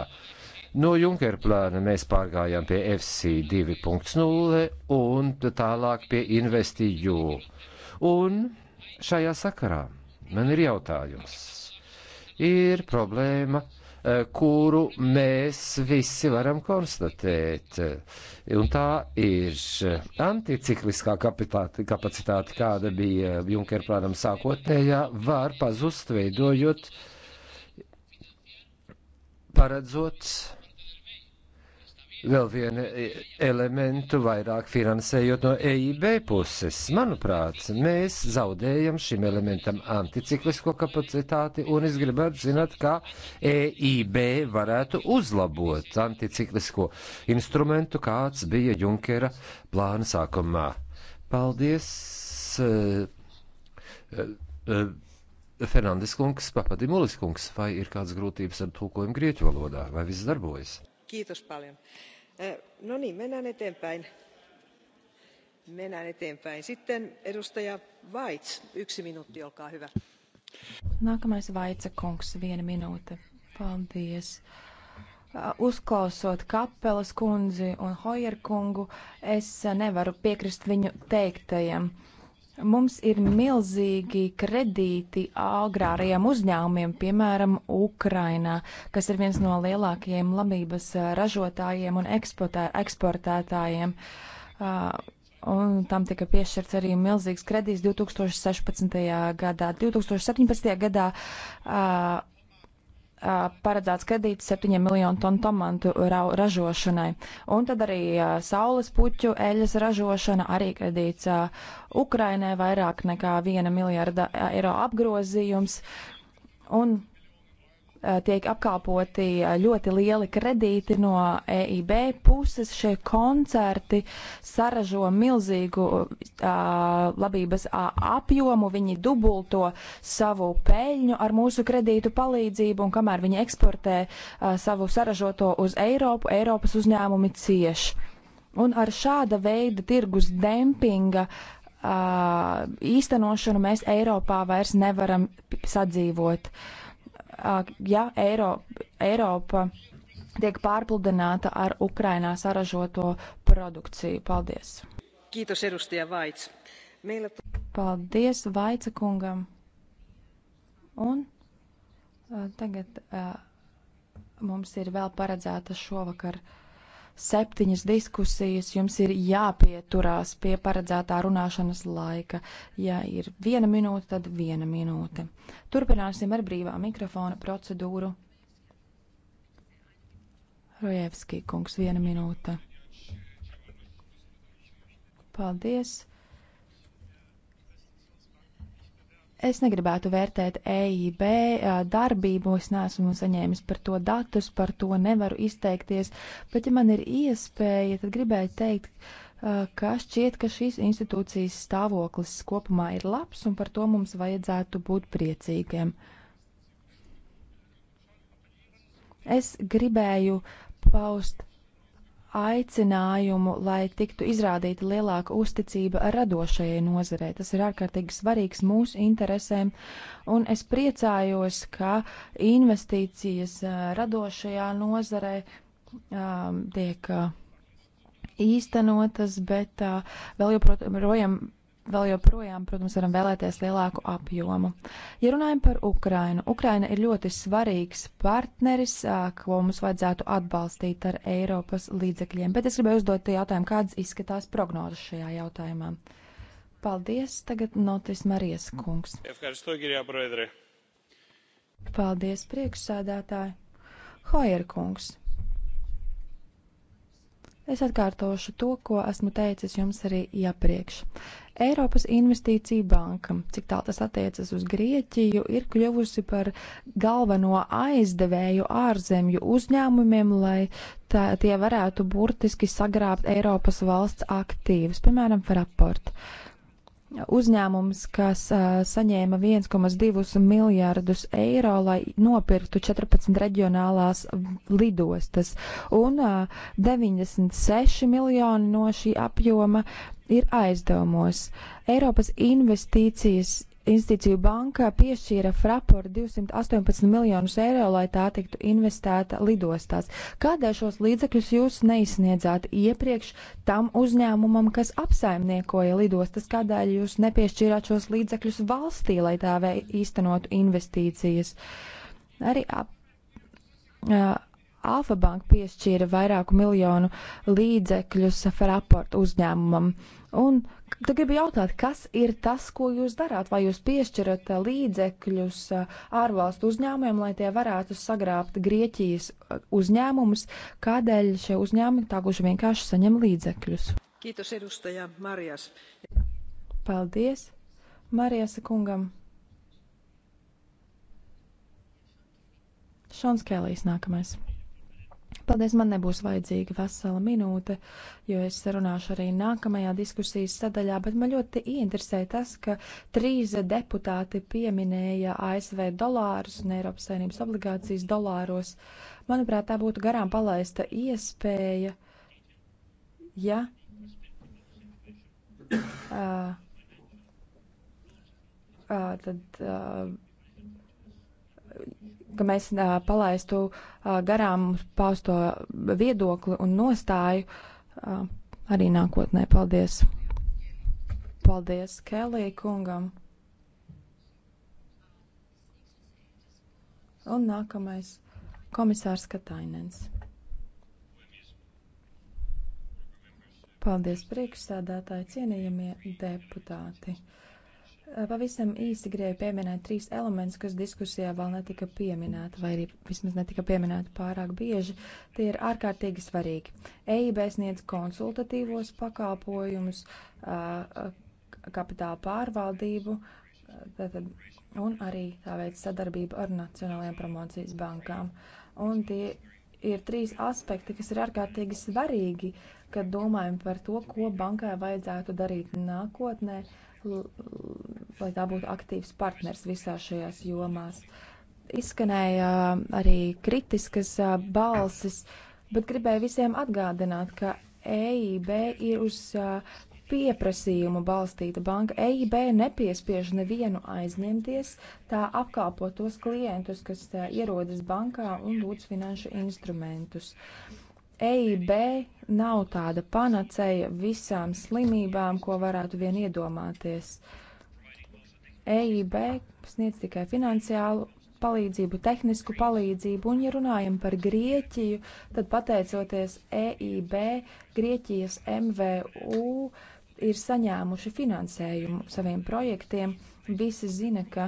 No Junkera plāna mēs pārgājām pie FC 2.0 un tālāk pie InvestEU. Un šajā sakarā man ir jautājums. Ir problēma eh, kuru mēs visi varam konstatēt. Un tā ir anticikliskā kapitāte, kapacitāte, kāda bija Junker plānam sākotnējā, var pazust veidojot, paredzot vēl vienu e, elementu vairāk finansējot no EIB puses. Manuprāt, mēs zaudējam šim elementam anticiklisko kapacitāti, un es gribētu zināt, kā EIB varētu uzlabot anticiklisko instrumentu, kāds bija Junkera plāna sākumā. Paldies, e, e, Fernandes kungs, Papadimulis kungs, vai ir kādas grūtības ar tulkojumu grieķu valodā, vai viss darbojas? kiitos paljon. no niin mennään eteenpäin. mennään eteenpäin. Sitten edustaja Vaits, yksi minuutti, olkaa hyvä. Nākamais Vaitsa kungs, viena minūte. Paldies. Uzklausot Kapelas kundzi un Hojer kungu, es nevaru piekrist viņu teiktajiem. Uh, Mums ir milzīgi kredīti agrārajiem uzņēmumiem, piemēram, Ukrainā, kas ir viens no lielākajiem labības ražotājiem un eksportē, eksportētājiem. Uh, Un tam tika piešķirts arī milzīgs kredīts 2016. gadā. 2017. gadā uh, paredzēts kredīts 7 miljonu tonu tomantu ražošanai. Un tad arī saules puķu eļas ražošana, arī kredīts Ukrainai vairāk nekā 1 miljarda eiro apgrozījums. Un Eh, tiek apkalpoti eh, ļoti lieli kredīti no EIB puses. Šie koncerti saražo milzīgu a, eh, labības a, apjomu, viņi dubulto savu peļņu ar mūsu kredītu palīdzību, un kamēr viņi eksportē a, savu saražoto uz Eiropu, Eiropas uzņēmumi cieš. Un ar šāda veida tirgus dempinga īstenošanu mēs Eiropā vairs nevaram sadzīvot. Uh, ja Eiro, Eiropa tiek pārpludināta ar Ukrainā saražoto produkciju. Paldies! Kītos, edustaja Vaits. Meillä... Paldies Vaica kungam. Un tagad mums ir vēl paredzēta šovakar septiņas diskusijas, jums ir jāpieturās pie paredzētā runāšanas laika. Ja ir viena minūte, tad viena minūte. Turpināsim ar brīvā mikrofona procedūru. Rojevski kungs, viena minūte. Paldies. Es negribētu vērtēt EIB darbību, es neesmu saņēmis par to datus, par to nevaru izteikties, bet ja man ir iespēja, tad gribētu teikt, ka šķiet, ka šīs institūcijas stāvoklis kopumā ir labs un par to mums vajadzētu būt priecīgiem. Es gribēju paust aicinājumu, lai tiktu izrādīta lielāka uzticība radošajai nozarei. Tas ir ārkārtīgi svarīgs mūsu interesēm, un es priecājos, ka investīcijas radošajā nozarei um, tiek īstenotas, bet uh, vēl joprojām vēl joprojām, protams, varam vēlēties lielāku apjomu. Ja runājam par Ukrainu, Ukraina ir ļoti svarīgs partneris, ko mums vajadzētu atbalstīt ar Eiropas līdzekļiem, bet es gribēju uzdot jautājumu, kādas izskatās prognozes šajā jautājumā. Paldies, tagad Notis Marijas kungs. Paldies, priekšsādātāji. Hojer kungs. Es atkārtošu to, ko esmu teicis jums arī iepriekš. Eiropas investīcija banka, cik tā tas attiecas uz Grieķiju, ir kļuvusi par galveno aizdevēju ārzemju uzņēmumiem, lai tā, tie varētu burtiski sagrābt Eiropas valsts aktīvus, piemēram, Fraport. Uh, uzņēmums, kas uh, saņēma 1,2 miljārdus eiro, lai nopirktu 14 reģionālās lidostas, un uh, 96 miljoni no šī apjoma ir aizdevumos. Eiropas investīcijas Investīciju banka piešķīra Fraport 218 miljonus eiro, lai tā tiktu investēta lidostās. Kādēļ šos līdzekļus jūs neizsniedzāt iepriekš tam uzņēmumam, kas apsaimniekoja lidostas? Kādēļ jūs nepiešķīrāt šos līdzekļus valstī, lai tā vei īstenotu investīcijas? Arī ap, uh, Alfa Banka piešķīra vairāku miljonu līdzekļus Fraport uzņēmumam. Uh, Un tad gribu jautāt, kas ir tas, ko jūs darāt? Vai jūs piešķirat eh, līdzekļus eh, ārvalstu uzņēmumiem, lai tie varētu sagrābt Grieķijas eh, uzņēmumus? Kādēļ šie uzņēmumi tā gluži vienkārši saņem līdzekļus? Kītos edustajā Marijas. Paldies Marijas kungam. Šons Kēlīs nākamais. Paldies, man nebūs vajadzīga vesela minūte, jo es runāšu arī nākamajā diskusijas sadaļā, bet man ļoti interesē tas, ka trīs deputāti pieminēja ASV dolārus un Eiropas saimnības obligācijas dolāros. Manuprāt, tā būtu garām palaista iespēja, ja. Uh, [coughs] uh, tad, uh, ka mēs uh, palaistu uh, garām pausto viedokli un nostāju uh, arī nākotnē. Paldies! Paldies Kelī kungam! Un nākamais komisārs Katainens. Paldies priekšsēdētāji, cienījamie deputāti! Uh, Pavisam īsi gribēju pieminēt trīs elementus, kas diskusijā vēl netika pieminēti, vai arī vismaz netika pieminēti pārāk bieži. Tie ir ārkārtīgi svarīgi. EIB sniedz konsultatīvos pakalpojumus, kapitāla pārvaldību tātad, un arī tā veids sadarbību ar Nacionālajām promocijas bankām. Un tie ir trīs aspekti, kas ir ārkārtīgi svarīgi, kad domājam par to, ko bankai vajadzētu darīt nākotnē lai tā būtu aktīvs partners visā šajās jomās. Izskanēja um, arī kritiskas uh, balsis, bet gribēju visiem atgādināt, ka EIB ir uz uh, pieprasījumu balstīta banka. EIB nepiespiež nevienu aizņemties, tā apkalpo tos klientus, kas uh, ierodas bankā un lūdz finanšu instrumentus. Uh, EIB nav tāda panacēja visām slimībām, ko varētu vien iedomāties. EIB sniedz tikai finansiālu palīdzību, tehnisku palīdzību, un, ja runājam par Grieķiju, tad pateicoties EIB, Grieķijas MVU ir saņēmuši finansējumu saviem projektiem. Visi zina, ka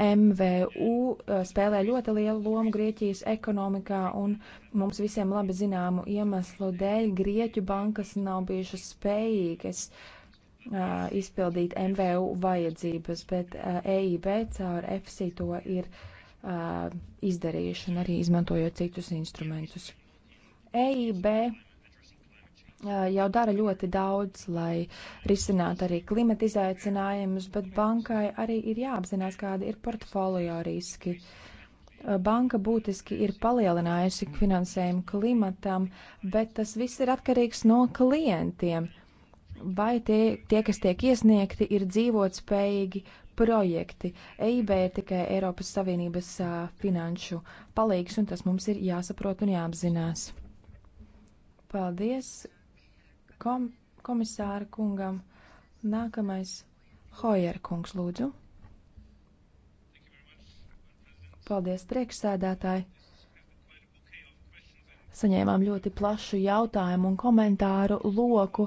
MVU eh, spēlē ļoti lielu lomu Grieķijas ekonomikā, un mums visiem labi zināmu iemeslu dēļ Grieķu bankas nav bijušas spējīgas uh, izpildīt MVU vajadzības, bet uh, eh, EIB caur EFSI to ir uh, izdarījuši un arī izmantojot citus instrumentus. EIB jau dara ļoti daudz, lai risinātu arī klimata izaicinājumus, bet bankai arī ir jāapzinās, kādi ir portfolio riski. Banka būtiski ir palielinājusi finansējumu klimatam, bet tas viss ir atkarīgs no klientiem. Vai tie, tie kas tiek iesniegti, ir dzīvotspējīgi projekti? EIB ir tikai Eiropas Savienības uh, finanšu palīgs, un tas mums ir jāsaprot un jāapzinās. Paldies! kom komisāra kungam. Nākamais Hojer kungs lūdzu. Paldies, priekšsēdētāji! saņēmām ļoti plašu jautājumu un komentāru loku.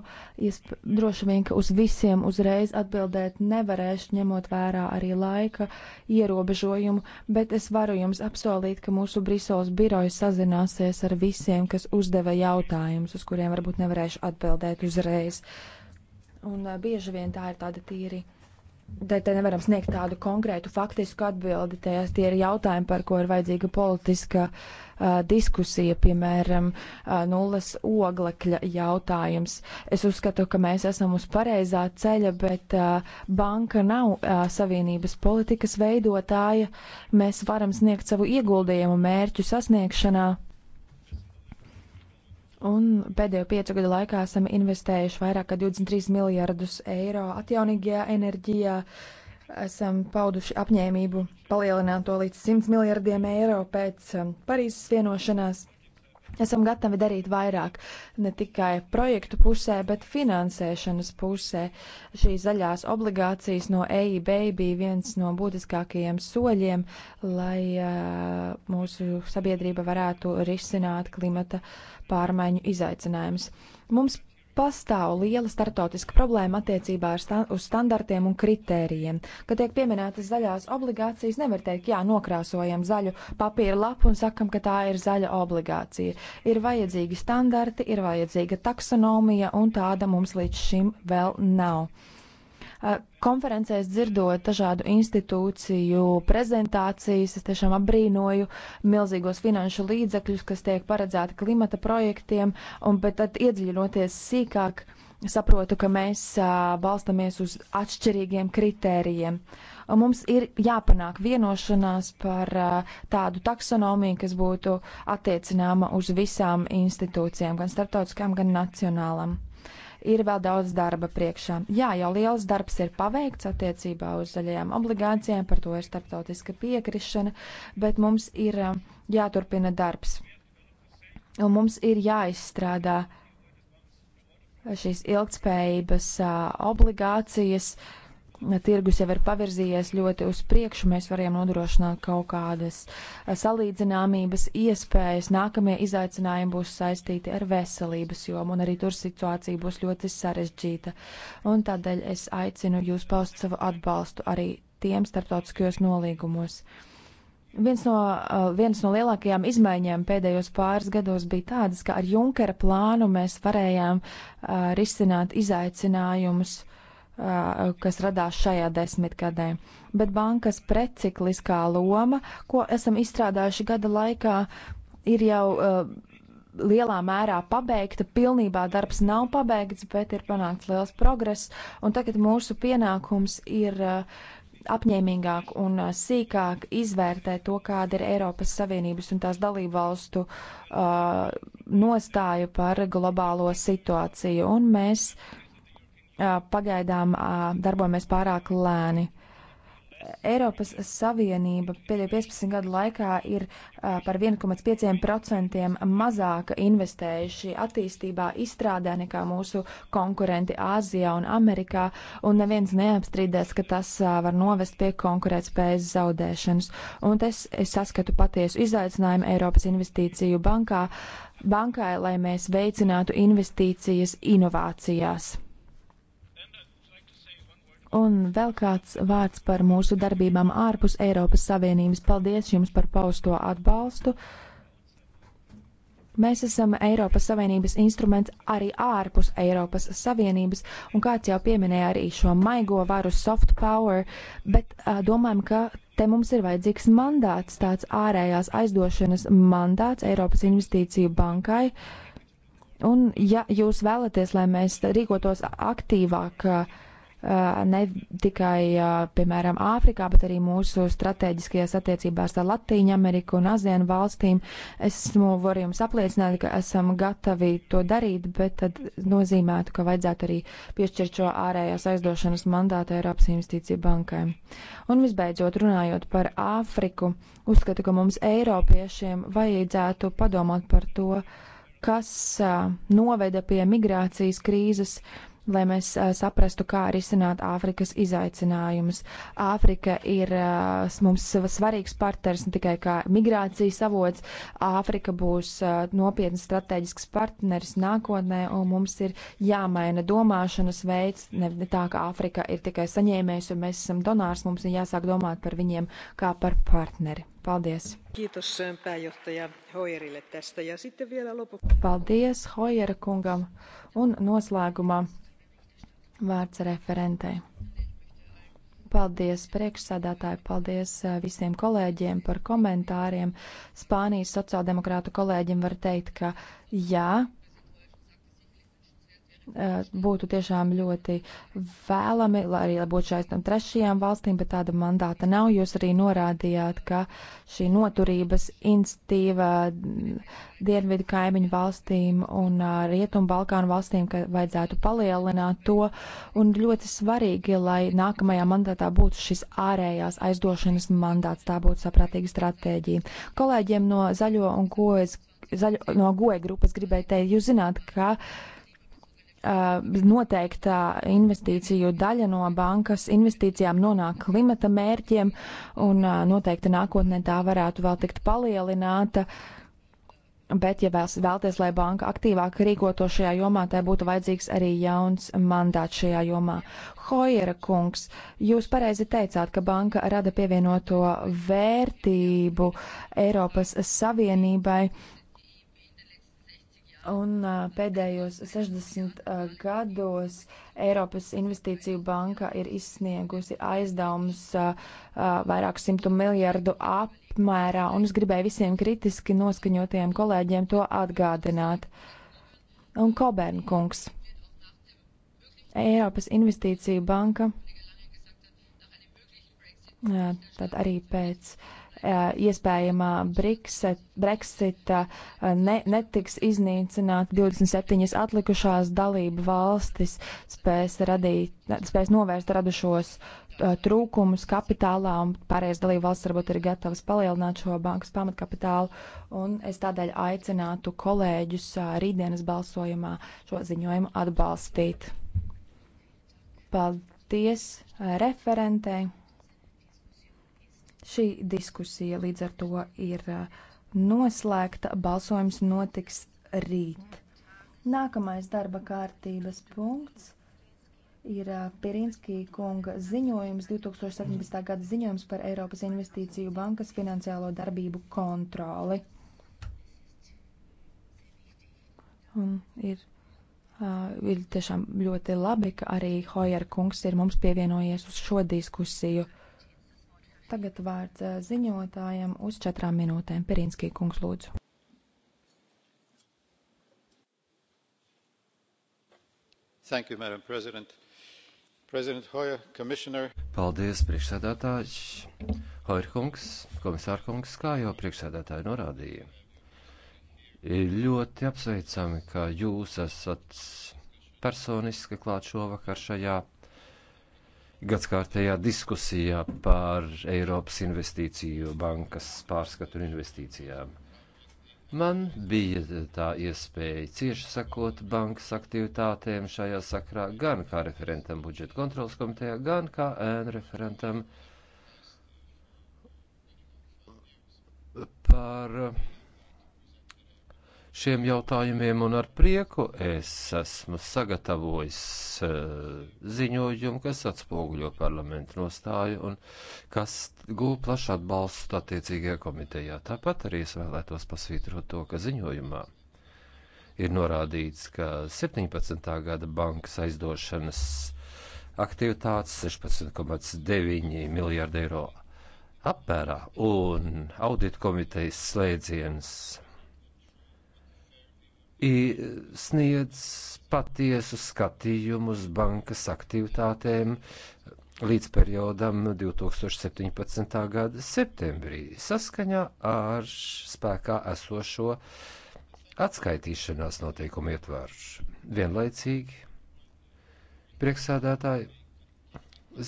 Es droši vien, ka uz visiem uzreiz atbildēt nevarēšu, ņemot vērā arī laika ierobežojumu, bet es varu jums apsolīt, ka mūsu Briseles biroja sazināsies ar visiem, kas uzdeva jautājumus, uz kuriem varbūt nevarēšu atbildēt uzreiz. Un uh, bieži vien tā ir tāda tīri Te, te nevaram sniegt tādu konkrētu faktisku atbildi. Te, tie ir jautājumi, par ko ir vajadzīga politiska uh, diskusija, piemēram, uh, nulles oglekļa jautājums. Es uzskatu, ka mēs esam uz pareizā ceļa, bet uh, banka nav uh, savienības politikas veidotāja. Mēs varam sniegt savu ieguldījumu mērķu sasniegšanā. Uh, Un pēdējo piecu gadu laikā esam investējuši vairāk kā 23 miljardus eiro atjaunīgajā enerģijā. Esam pauduši apņēmību palielināt to līdz 100 miljardiem eiro pēc um, Parīzes vienošanās. Esam gatavi darīt vairāk ne tikai projektu pusē, bet finansēšanas pusē. Šīs zaļās obligācijas no EIB bija viens no būtiskākajiem soļiem, lai uh, mūsu sabiedrība varētu risināt klimata pārmaiņu izaicinājumus. Mums pastāv liela startautiska problēma attiecībā sta uz standartiem un kritērijiem. Kad tiek pieminētas zaļās obligācijas, nevar teikt, jā, nokrāsojam zaļu papīra lapu un sakam, ka tā ir zaļa obligācija. Ir vajadzīgi standarti, ir vajadzīga taksonomija, un tāda mums līdz šim vēl nav. Konferencēs dzirdot dažādu institūciju prezentācijas, es tiešām apbrīnoju milzīgos finanšu līdzekļus, kas tiek paredzēti klimata projektiem, un, bet tad iedziļinoties sīkāk, saprotu, ka mēs balstamies uz atšķirīgiem kritērijiem. Mums ir jāpanāk vienošanās par tādu taksonomiju, kas būtu attiecināma uz visām institūcijām, gan starptautiskām, gan nacionālām ir vēl daudz darba priekšā. Jā, jau liels darbs ir paveikts attiecībā uz zaļajām obligācijām, par to ir starptautiska piekrišana, bet mums ir um, jāturpina darbs. Un mums ir jāizstrādā šīs ilgspējības uh, obligācijas, uh, tirgus jau ir pavirzījies ļoti uz priekšu, mēs varam nodrošināt kaut kādas salīdzināmības iespējas. Nākamie izaicinājumi būs saistīti ar veselības jomu, un arī tur situācija būs ļoti sarežģīta. Un tādēļ es aicinu jūs paust savu atbalstu arī tiem starptautiskajos nolīgumos. Viens no, uh, viens no lielākajām izmaiņām pēdējos pāris gados bija tādas, ka ar Junkera plānu mēs varējām uh, risināt izaicinājumus uh, kas radās šajā desmitgadē. Bet bankas precikliskā loma, ko esam izstrādājuši gada laikā, ir jau uh, lielā mērā pabeigta. Pilnībā darbs nav pabeigts, bet ir panākts liels progress. Un tagad mūsu pienākums ir uh, apņēmīgāk un uh, sīkāk izvērtēt to, kāda ir Eiropas Savienības un tās dalību valstu uh, nostāja par globālo situāciju. Un mēs uh, pagaidām darbojamies pārāk lēni. Eiropas Savienība pēdējo 15 gadu laikā ir uh, par 1,5% mazāk investējuši attīstībā, izstrādē nekā mūsu konkurenti Āzijā un Amerikā, un neviens neapstrīdēs, ka tas uh, var novest pie konkurētspējas zaudēšanas. Un es, es saskatu patiesu izaicinājumu Eiropas investīciju bankā, bankai, lai mēs veicinātu investīcijas inovācijās. Un vēl kāds vārds par mūsu darbībām ārpus Eiropas Savienības. Paldies jums par pausto atbalstu. Mēs esam Eiropas Savienības instruments arī ārpus Eiropas Savienības, un kāds jau pieminēja arī šo maigo varu soft power, bet uh, domājam, ka te mums ir vajadzīgs mandāts, tāds ārējās aizdošanas mandāts Eiropas Investīciju bankai. Un ja jūs vēlaties, lai mēs rīkotos aktīvāk, uh, Eh, ne tikai, eh, piemēram, Āfrikā, bet arī mūsu strateģiskajās attiecībās ar Latīņu Ameriku un Azienu valstīm. Esmu, varu jums apliecināt, ka esam gatavi to darīt, bet tad nozīmētu, ka vajadzētu arī piešķirt šo ārējās aizdošanas mandātu Eiropas investīcija bankai. Un visbeidzot, runājot par Āfriku, uzskatu, ka mums Eiropiešiem vajadzētu padomāt par to, kas eh, noveda pie migrācijas krīzes. Uh, lai mēs saprastu, kā risināt Āfrikas izaicinājumus. Āfrika ir mums svarīgs partners ne tikai kā migrācijas avots, Āfrika būs nopietns strateģisks partners nākotnē, un mums ir jāmaina domāšanas veids, ne, ne tā, ka Āfrika ir tikai saņēmējs un mēs esam donārs, mums ir jāsāk domāt par viņiem kā par partneri. Paldies! Kiitos pääjohtaja Hoyerille tästä ja sitten vielä lopuksi. Paldies Hoyera kungam un noslēgumā Vārds referentei. Paldies priekšsādātāji, paldies visiem kolēģiem par komentāriem. Spānijas sociāldemokrātu kolēģim var teikt, ka jā, Eh, būtu tiešām ļoti vēlami, lai arī būtu šaistam trešajām valstīm, bet tāda mandāta nav. Jūs arī norādījāt, ka šī noturības institīva dienvidu kaimiņu valstīm un eh, rietumu Balkānu valstīm, ka vajadzētu palielināt to. Un ļoti svarīgi, lai nākamajā mandātā būtu šis ārējās aizdošanas mandāts, tā būtu saprātīga stratēģija. Kolēģiem no Zaļo un Gojas. Zaļo, no goja grupas gribēju teikt, jūs zināt, ka uh, Uh, noteiktā investīciju daļa no bankas investīcijām nonāk klimata mērķiem, un uh, noteikti nākotnē tā varētu vēl tikt palielināta. Bet, ja vēlas, vēlties, lai banka aktīvāk rīkoto šajā jomā, tai būtu vajadzīgs arī jauns mandāts šajā jomā. Hojera kungs, jūs pareizi teicāt, ka banka rada pievienoto vērtību Eiropas Savienībai. Uh, Un pēdējos 60 gados Eiropas Investīciju banka ir izsniegusi aizdevumus vairāku simtu miljardu apmērā, un es gribēju visiem kritiski noskaņotajiem kolēģiem to atgādināt. Un Kobernkungs, Eiropas Investīciju banka, tad arī pēc uh, Eh, iespējamā Brexita eh, ne, netiks iznīcināt 27 atlikušās dalību valstis, spēs, radīt, spēs novērst radušos eh, trūkumus kapitālā un pārējais dalību valsts varbūt ir gatavas palielināt šo bankas pamatkapitālu. Un es tādēļ aicinātu kolēģus rītdienas balsojumā šo ziņojumu atbalstīt. Paldies referentei! Šī diskusija līdz ar to ir noslēgta. Balsojums notiks rīt. Nākamais darba kārtības punkts ir Pirinskī kunga ziņojums, 2017. gada ziņojums par Eiropas Investīciju bankas finansiālo darbību kontroli. Un ir, uh, ir tiešām ļoti labi, ka arī Hojer kungs ir mums pievienojies uz šo diskusiju. Tagad vārds ziņotājiem uz četrām minūtēm. Perinskī kungs lūdzu. Thank you, Madam President. President Hoyer, Commissioner. Paldies, priekšsēdētājs. Hoyer kungs, komisārkungs, kā jau priekšsēdētāji norādīja. Ir ļoti apsveicami, ka jūs esat personiski klāt šovakar šajā gadskārtējā diskusijā par Eiropas investīciju bankas pārskatu un investīcijām. Man bija tā iespēja cieši sakot bankas aktivitātēm šajā sakrā gan kā referentam budžeta kontrolas komitejā, gan kā ēnu referentam par šiem jautājumiem, un ar prieku es esmu sagatavojis eh, ziņojumu, kas atspoguļo parlamentu nostāju un kas gūl plašu atbalstu attiecīgajā komitejā. Tāpat arī es vēlētos pasvītrot to, ka ziņojumā ir norādīts, ka 17. gada bankas aizdošanas aktivitātes 16,9 miljārdu eiro apmērā un audit komitejas slēdziens sniedz patiesu skatījumu uz bankas aktivitātēm līdz periodam 2017. gada septembrī, saskaņā ar spēkā esošo atskaitīšanās noteikumu ietvaru. Vienlaicīgi priekšsādātāji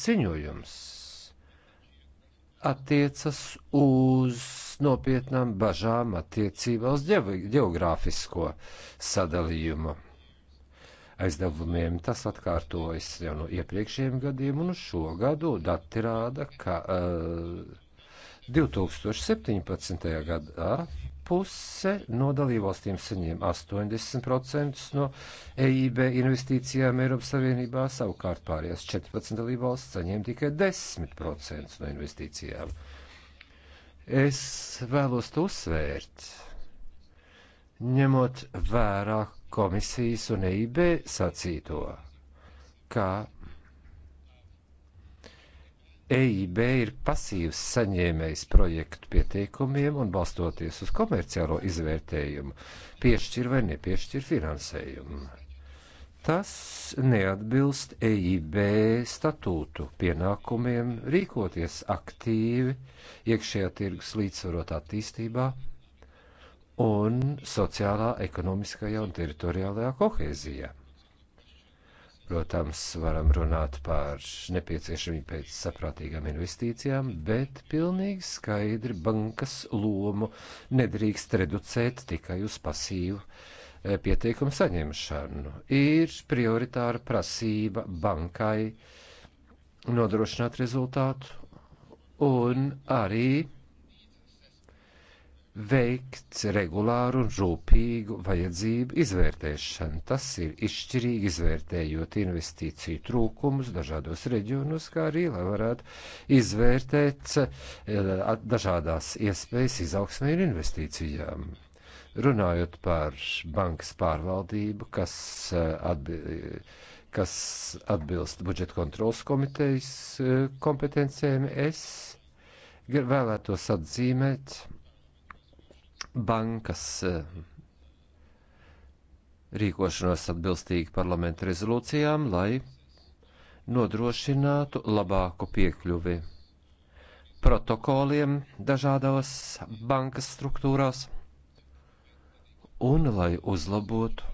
ziņojums attiecas uz nopietnām bažām attiecībā uz geogrāfisko sadalījumu aizdevumiem. Tas atkārtojas jau no iepriekšējiem gadiem, un šo gadu dati rāda, ka uh, 2017. gadā puse no dalībvalstīm saņem 80% no EIB investīcijām Eiropas Savienībā, savukārt pārējās 14 dalībvalsts saņem tikai 10% no investīcijām. Es vēlos to uzsvērt, ņemot vērā komisijas un EIB sacīto, kā EIB ir pasīvs saņēmējs projektu pieteikumiem un balstoties uz komerciālo izvērtējumu, piešķir vai nepiešķir finansējumu. Tas neatbilst EIB statūtu pienākumiem rīkoties aktīvi iekšējā tirgus līdzsvarotā attīstībā un sociālā, ekonomiskajā un teritoriālajā kohēzijā. Protams, varam runāt par nepieciešamību pēc saprātīgām investīcijām, bet pilnīgi skaidri bankas lomu nedrīkst reducēt tikai uz pasīvu e, pieteikumu saņemšanu. Ir prioritāra prasība bankai nodrošināt rezultātu un arī veikt regulāru un rūpīgu vajadzību izvērtēšanu. Tas ir izšķirīgi izvērtējot investīciju trūkumus dažādos reģionos, kā arī, lai varētu izvērtēt eh, dažādās iespējas izaugsmē un investīcijām. Runājot par bankas pārvaldību, kas eh, atbildīja kas atbilst budžeta kontrolas komitejas eh, kompetencijām, es vēlētos atzīmēt bankas e, rīkošanos atbilstīgi parlamentu rezolūcijām, lai nodrošinātu labāku piekļuvi protokoliem dažādās bankas struktūrās un lai uzlabotu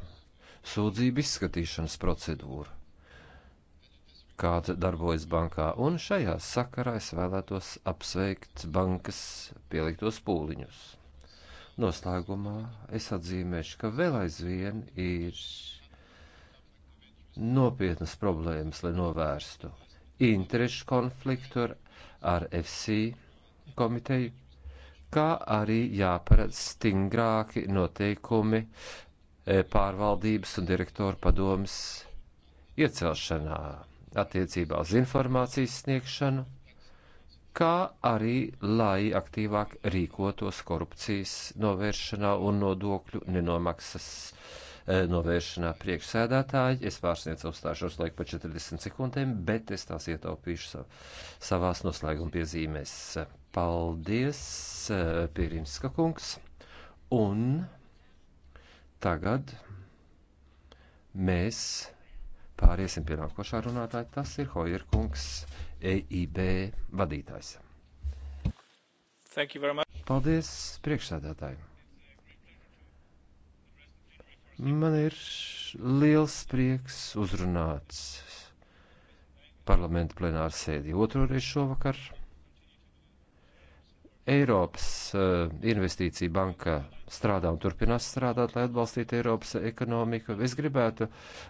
sūdzību izskatīšanas procedūru, kāda darbojas bankā, un šajā sakarā es vēlētos apsveikt bankas pieliktos pūliņus. Noslēgumā es atzīmēšu, ka vēl aizvien ir nopietnas problēmas, lai novērstu interešu konfliktu ar, ar FC komiteju, kā arī jāparedz stingrāki noteikumi e, pārvaldības un direktoru padomas iecelšanā attiecībā uz informācijas sniegšanu kā arī lai aktīvāk rīkotos korupcijas novēršanā un nodokļu nenomaksas e, novēršanā priekšsēdētāji. Es pārsniedzu uzstāšanos laiku pa 40 sekundēm, bet es tās ietaupīšu sav, savās noslēguma piezīmēs. Paldies, e, Pirinska kungs! Un tagad mēs pāriesim pie nākošā runātāja. Tas ir Hojer kungs EIB vadītājs. Paldies, priekšsēdētāji. Man ir liels prieks uzrunāt parlamentu plenāru sēdi otro reizi šovakar. Eiropas eh, investīcija banka strādā un turpinās strādāt, lai atbalstītu Eiropas ekonomiku. Es gribētu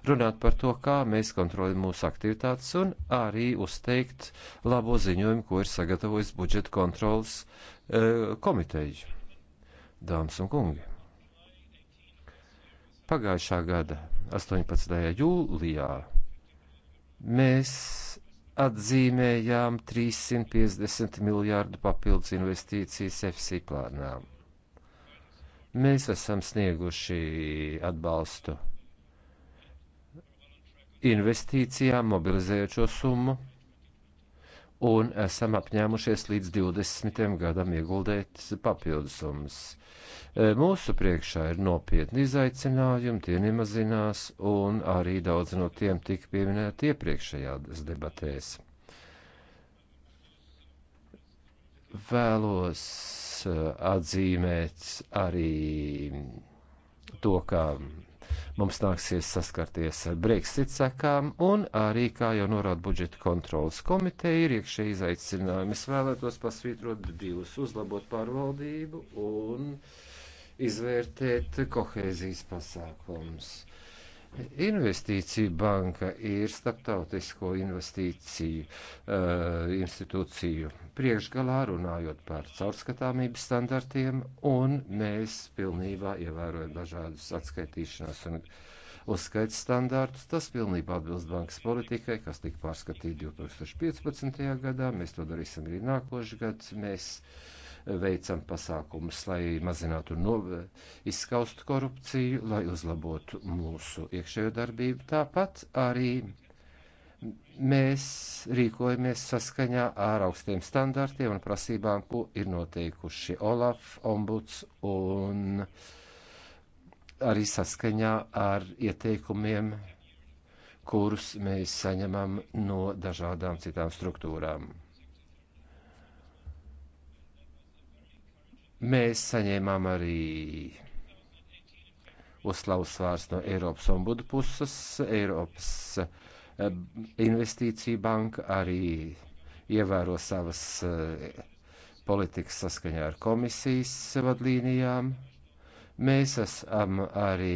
runāt par to, kā mēs kontrolējam mūsu aktivitātes un arī uzteikt labo ziņojumu, ko ir sagatavojis budžeta kontrolas eh, komiteja. Dāmas un kungi! Pagājušā gada 18. jūlijā mēs atzīmējām 350 miljārdu papildus investīcijas FC plānā. Mēs esam snieguši atbalstu investīcijām, mobilizējot šo summu un esam apņēmušies līdz 20. gadam ieguldēt papildusums. E, mūsu priekšā ir nopietni izaicinājumi, tie nemazinās, un arī daudz no tiem tika pieminēti iepriekšējās debatēs. Vēlos e, atzīmēt arī to, kā Mums nāksies saskarties ar Brexit sekām un arī, kā jau norāda budžeta kontrolas komiteja, ir iekšē izaicinājumi. Es vēlētos pasvītrot divus - uzlabot pārvaldību un izvērtēt kohēzijas pasākums Investīcija banka ir starptautisko investīciju uh, institūciju priekšgalā runājot par caurskatāmības standartiem, un mēs pilnībā ievērojam dažādus atskaitīšanās un uzskaits standārtus. Tas pilnībā atbilst bankas politikai, kas tika pārskatīta 2015. gadā. Mēs to darīsim arī nākošais gads. Mēs veicam pasākumus, lai mazinātu un no, izskaustu korupciju, lai uzlabotu mūsu iekšējo darbību. Tāpat arī mēs rīkojamies saskaņā ar augstiem standartiem un prasībām, ko ir noteikuši Olaf, Ombuds un arī saskaņā ar ieteikumiem, kurus mēs saņemam no dažādām citām struktūrām. Mēs saņēmām arī uzslavas vārds no Eiropas ombudu puses, Eiropas eh, investīcija banka arī ievēro savas eh, politikas saskaņā ar komisijas vadlīnijām. Mēs esam arī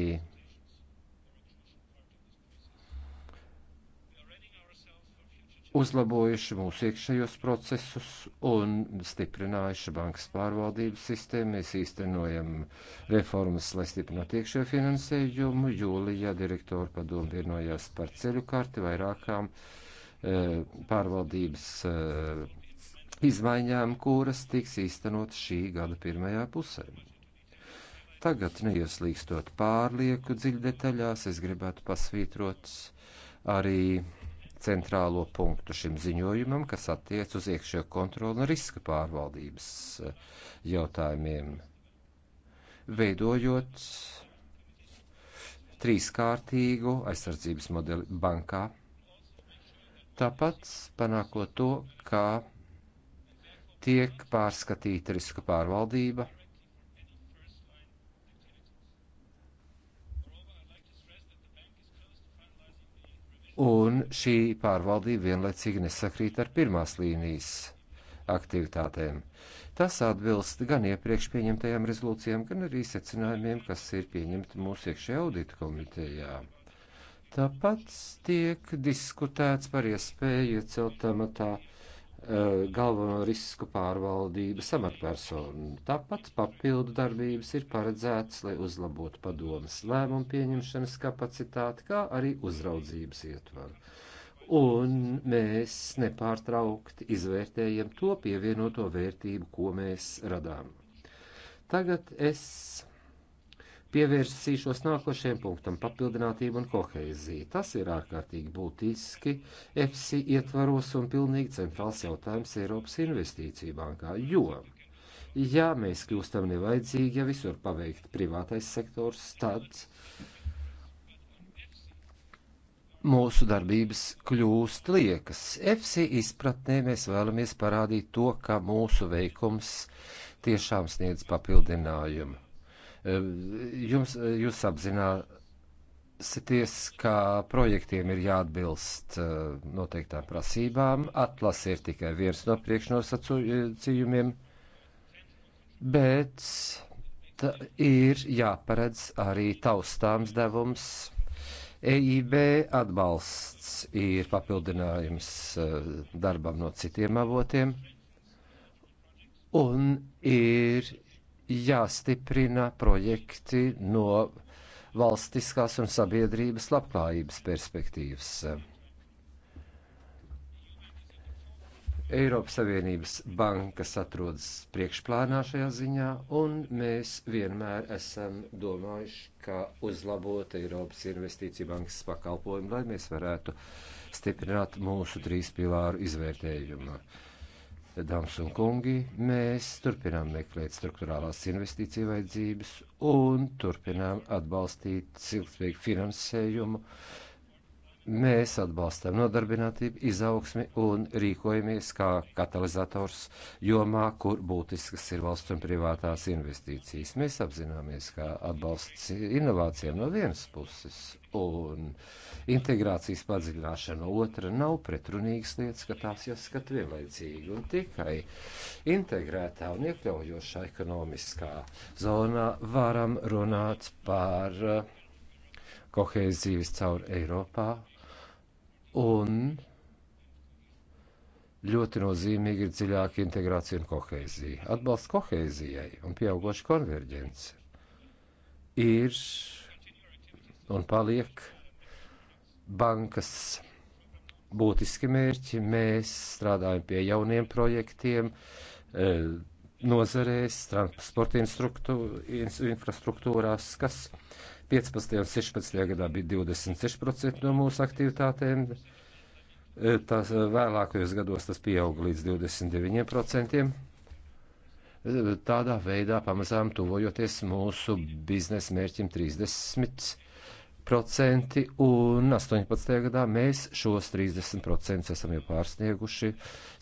uzlabojuši mūsu iekšējos procesus un stiprinājuši bankas pārvaldības sistēmu. Mēs īstenojam reformas, lai stiprinātu iekšējo finansējumu. Jūlijā direktora padomu vienojās par ceļu karti vairākām e, pārvaldības e, izmaiņām, kuras tiks īstenot šī gada pirmajā pusē. Tagad, neieslīgstot pārlieku dziļi detaļās, es gribētu pasvītrot arī centrālo punktu šim ziņojumam, kas attiec uz iekšējo kontroli un riska pārvaldības eh, jautājumiem, veidojot trīskārtīgu aizsardzības modeli bankā. Tāpat panākot to, ka tiek pārskatīta riska pārvaldība un šī pārvaldība vienlaicīgi nesakrīt ar pirmās līnijas aktivitātēm. Tas atbilst gan iepriekš pieņemtajām rezolūcijām, gan arī secinājumiem, kas ir pieņemti mūsu iekšējā audita komitejā. Tāpat tiek diskutēts par iespēju iecelt amatā Eh, galveno risku pārvaldības amatpersonu. Tāpat papildu darbības ir paredzētas, lai uzlabotu padomas lēmumu pieņemšanas kapacitāti, kā arī uzraudzības ietvaru. Un mēs nepārtraukti izvērtējam to pievienoto vērtību, ko mēs radām. Tagad es Pievērsīšos nākošajam punktam - papildinātība un koheizija. Tas ir ārkārtīgi būtiski EFSI ietvaros un pilnīgi centrāls jautājums Eiropas investīciju bankā, jo, ja mēs kļūstam nevajadzīgi, ja visur paveikt privātais sektors, tad mūsu darbības kļūst liekas. EFSI izpratnē mēs vēlamies parādīt to, ka mūsu veikums tiešām sniedz papildinājumu Jums, eh, jūs apzināties, ka projektiem ir jāatbilst eh, noteiktām prasībām, atlase ir tikai viens no priekšnosacījumiem, bet ir jāparedz arī taustāms devums. EIB atbalsts ir papildinājums eh, darbam no citiem avotiem un ir jāstiprina projekti no valstiskās un sabiedrības labklājības perspektīvas. Eiropas Savienības bankas atrodas priekšplānā šajā ziņā, un mēs vienmēr esam domājuši, kā uzlabot Eiropas Investīciju bankas pakalpojumu, lai mēs varētu stiprināt mūsu trīs pilāru izvērtējumu. Uh, Dāmas un kungi, mēs turpinām meklēt struktūrālās investīciju vajadzības un turpinām atbalstīt siltspēju finansējumu uh, Mēs atbalstam nodarbinātību, izaugsmi un rīkojamies kā katalizators jomā, kur būtiskas ir valsts un privātās investīcijas. Mēs apzināmies, ka atbalsts inovācijām no vienas puses un integrācijas padziļināšana no otra nav pretrunīgas lietas, ka tās jāskat vienlaicīgi un tikai integrētā un iekļaujošā ekonomiskā zonā varam runāt par uh, kohēzijas caur Eiropā Un ļoti nozīmīgi ir dziļāka integrācija un kohēzija. Atbalsts kohēzijai un pieaugoša konverģence ir un paliek bankas būtiski mērķi. Mēs strādājam pie jauniem projektiem, e, nozarēs, transporta infrastruktūrās, kas 15. un 16. gadā bija 26% no mūsu aktivitātēm. E, tas e, vēlākajos gados tas pieauga līdz 29%. E, tādā veidā pamazām tuvojoties mūsu biznesa mērķim 30%, un 18. gadā mēs šos 30% esam jau pārsnieguši,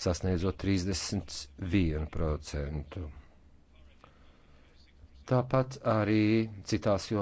sasniedzot 31%. Tāpat arī citās jomās.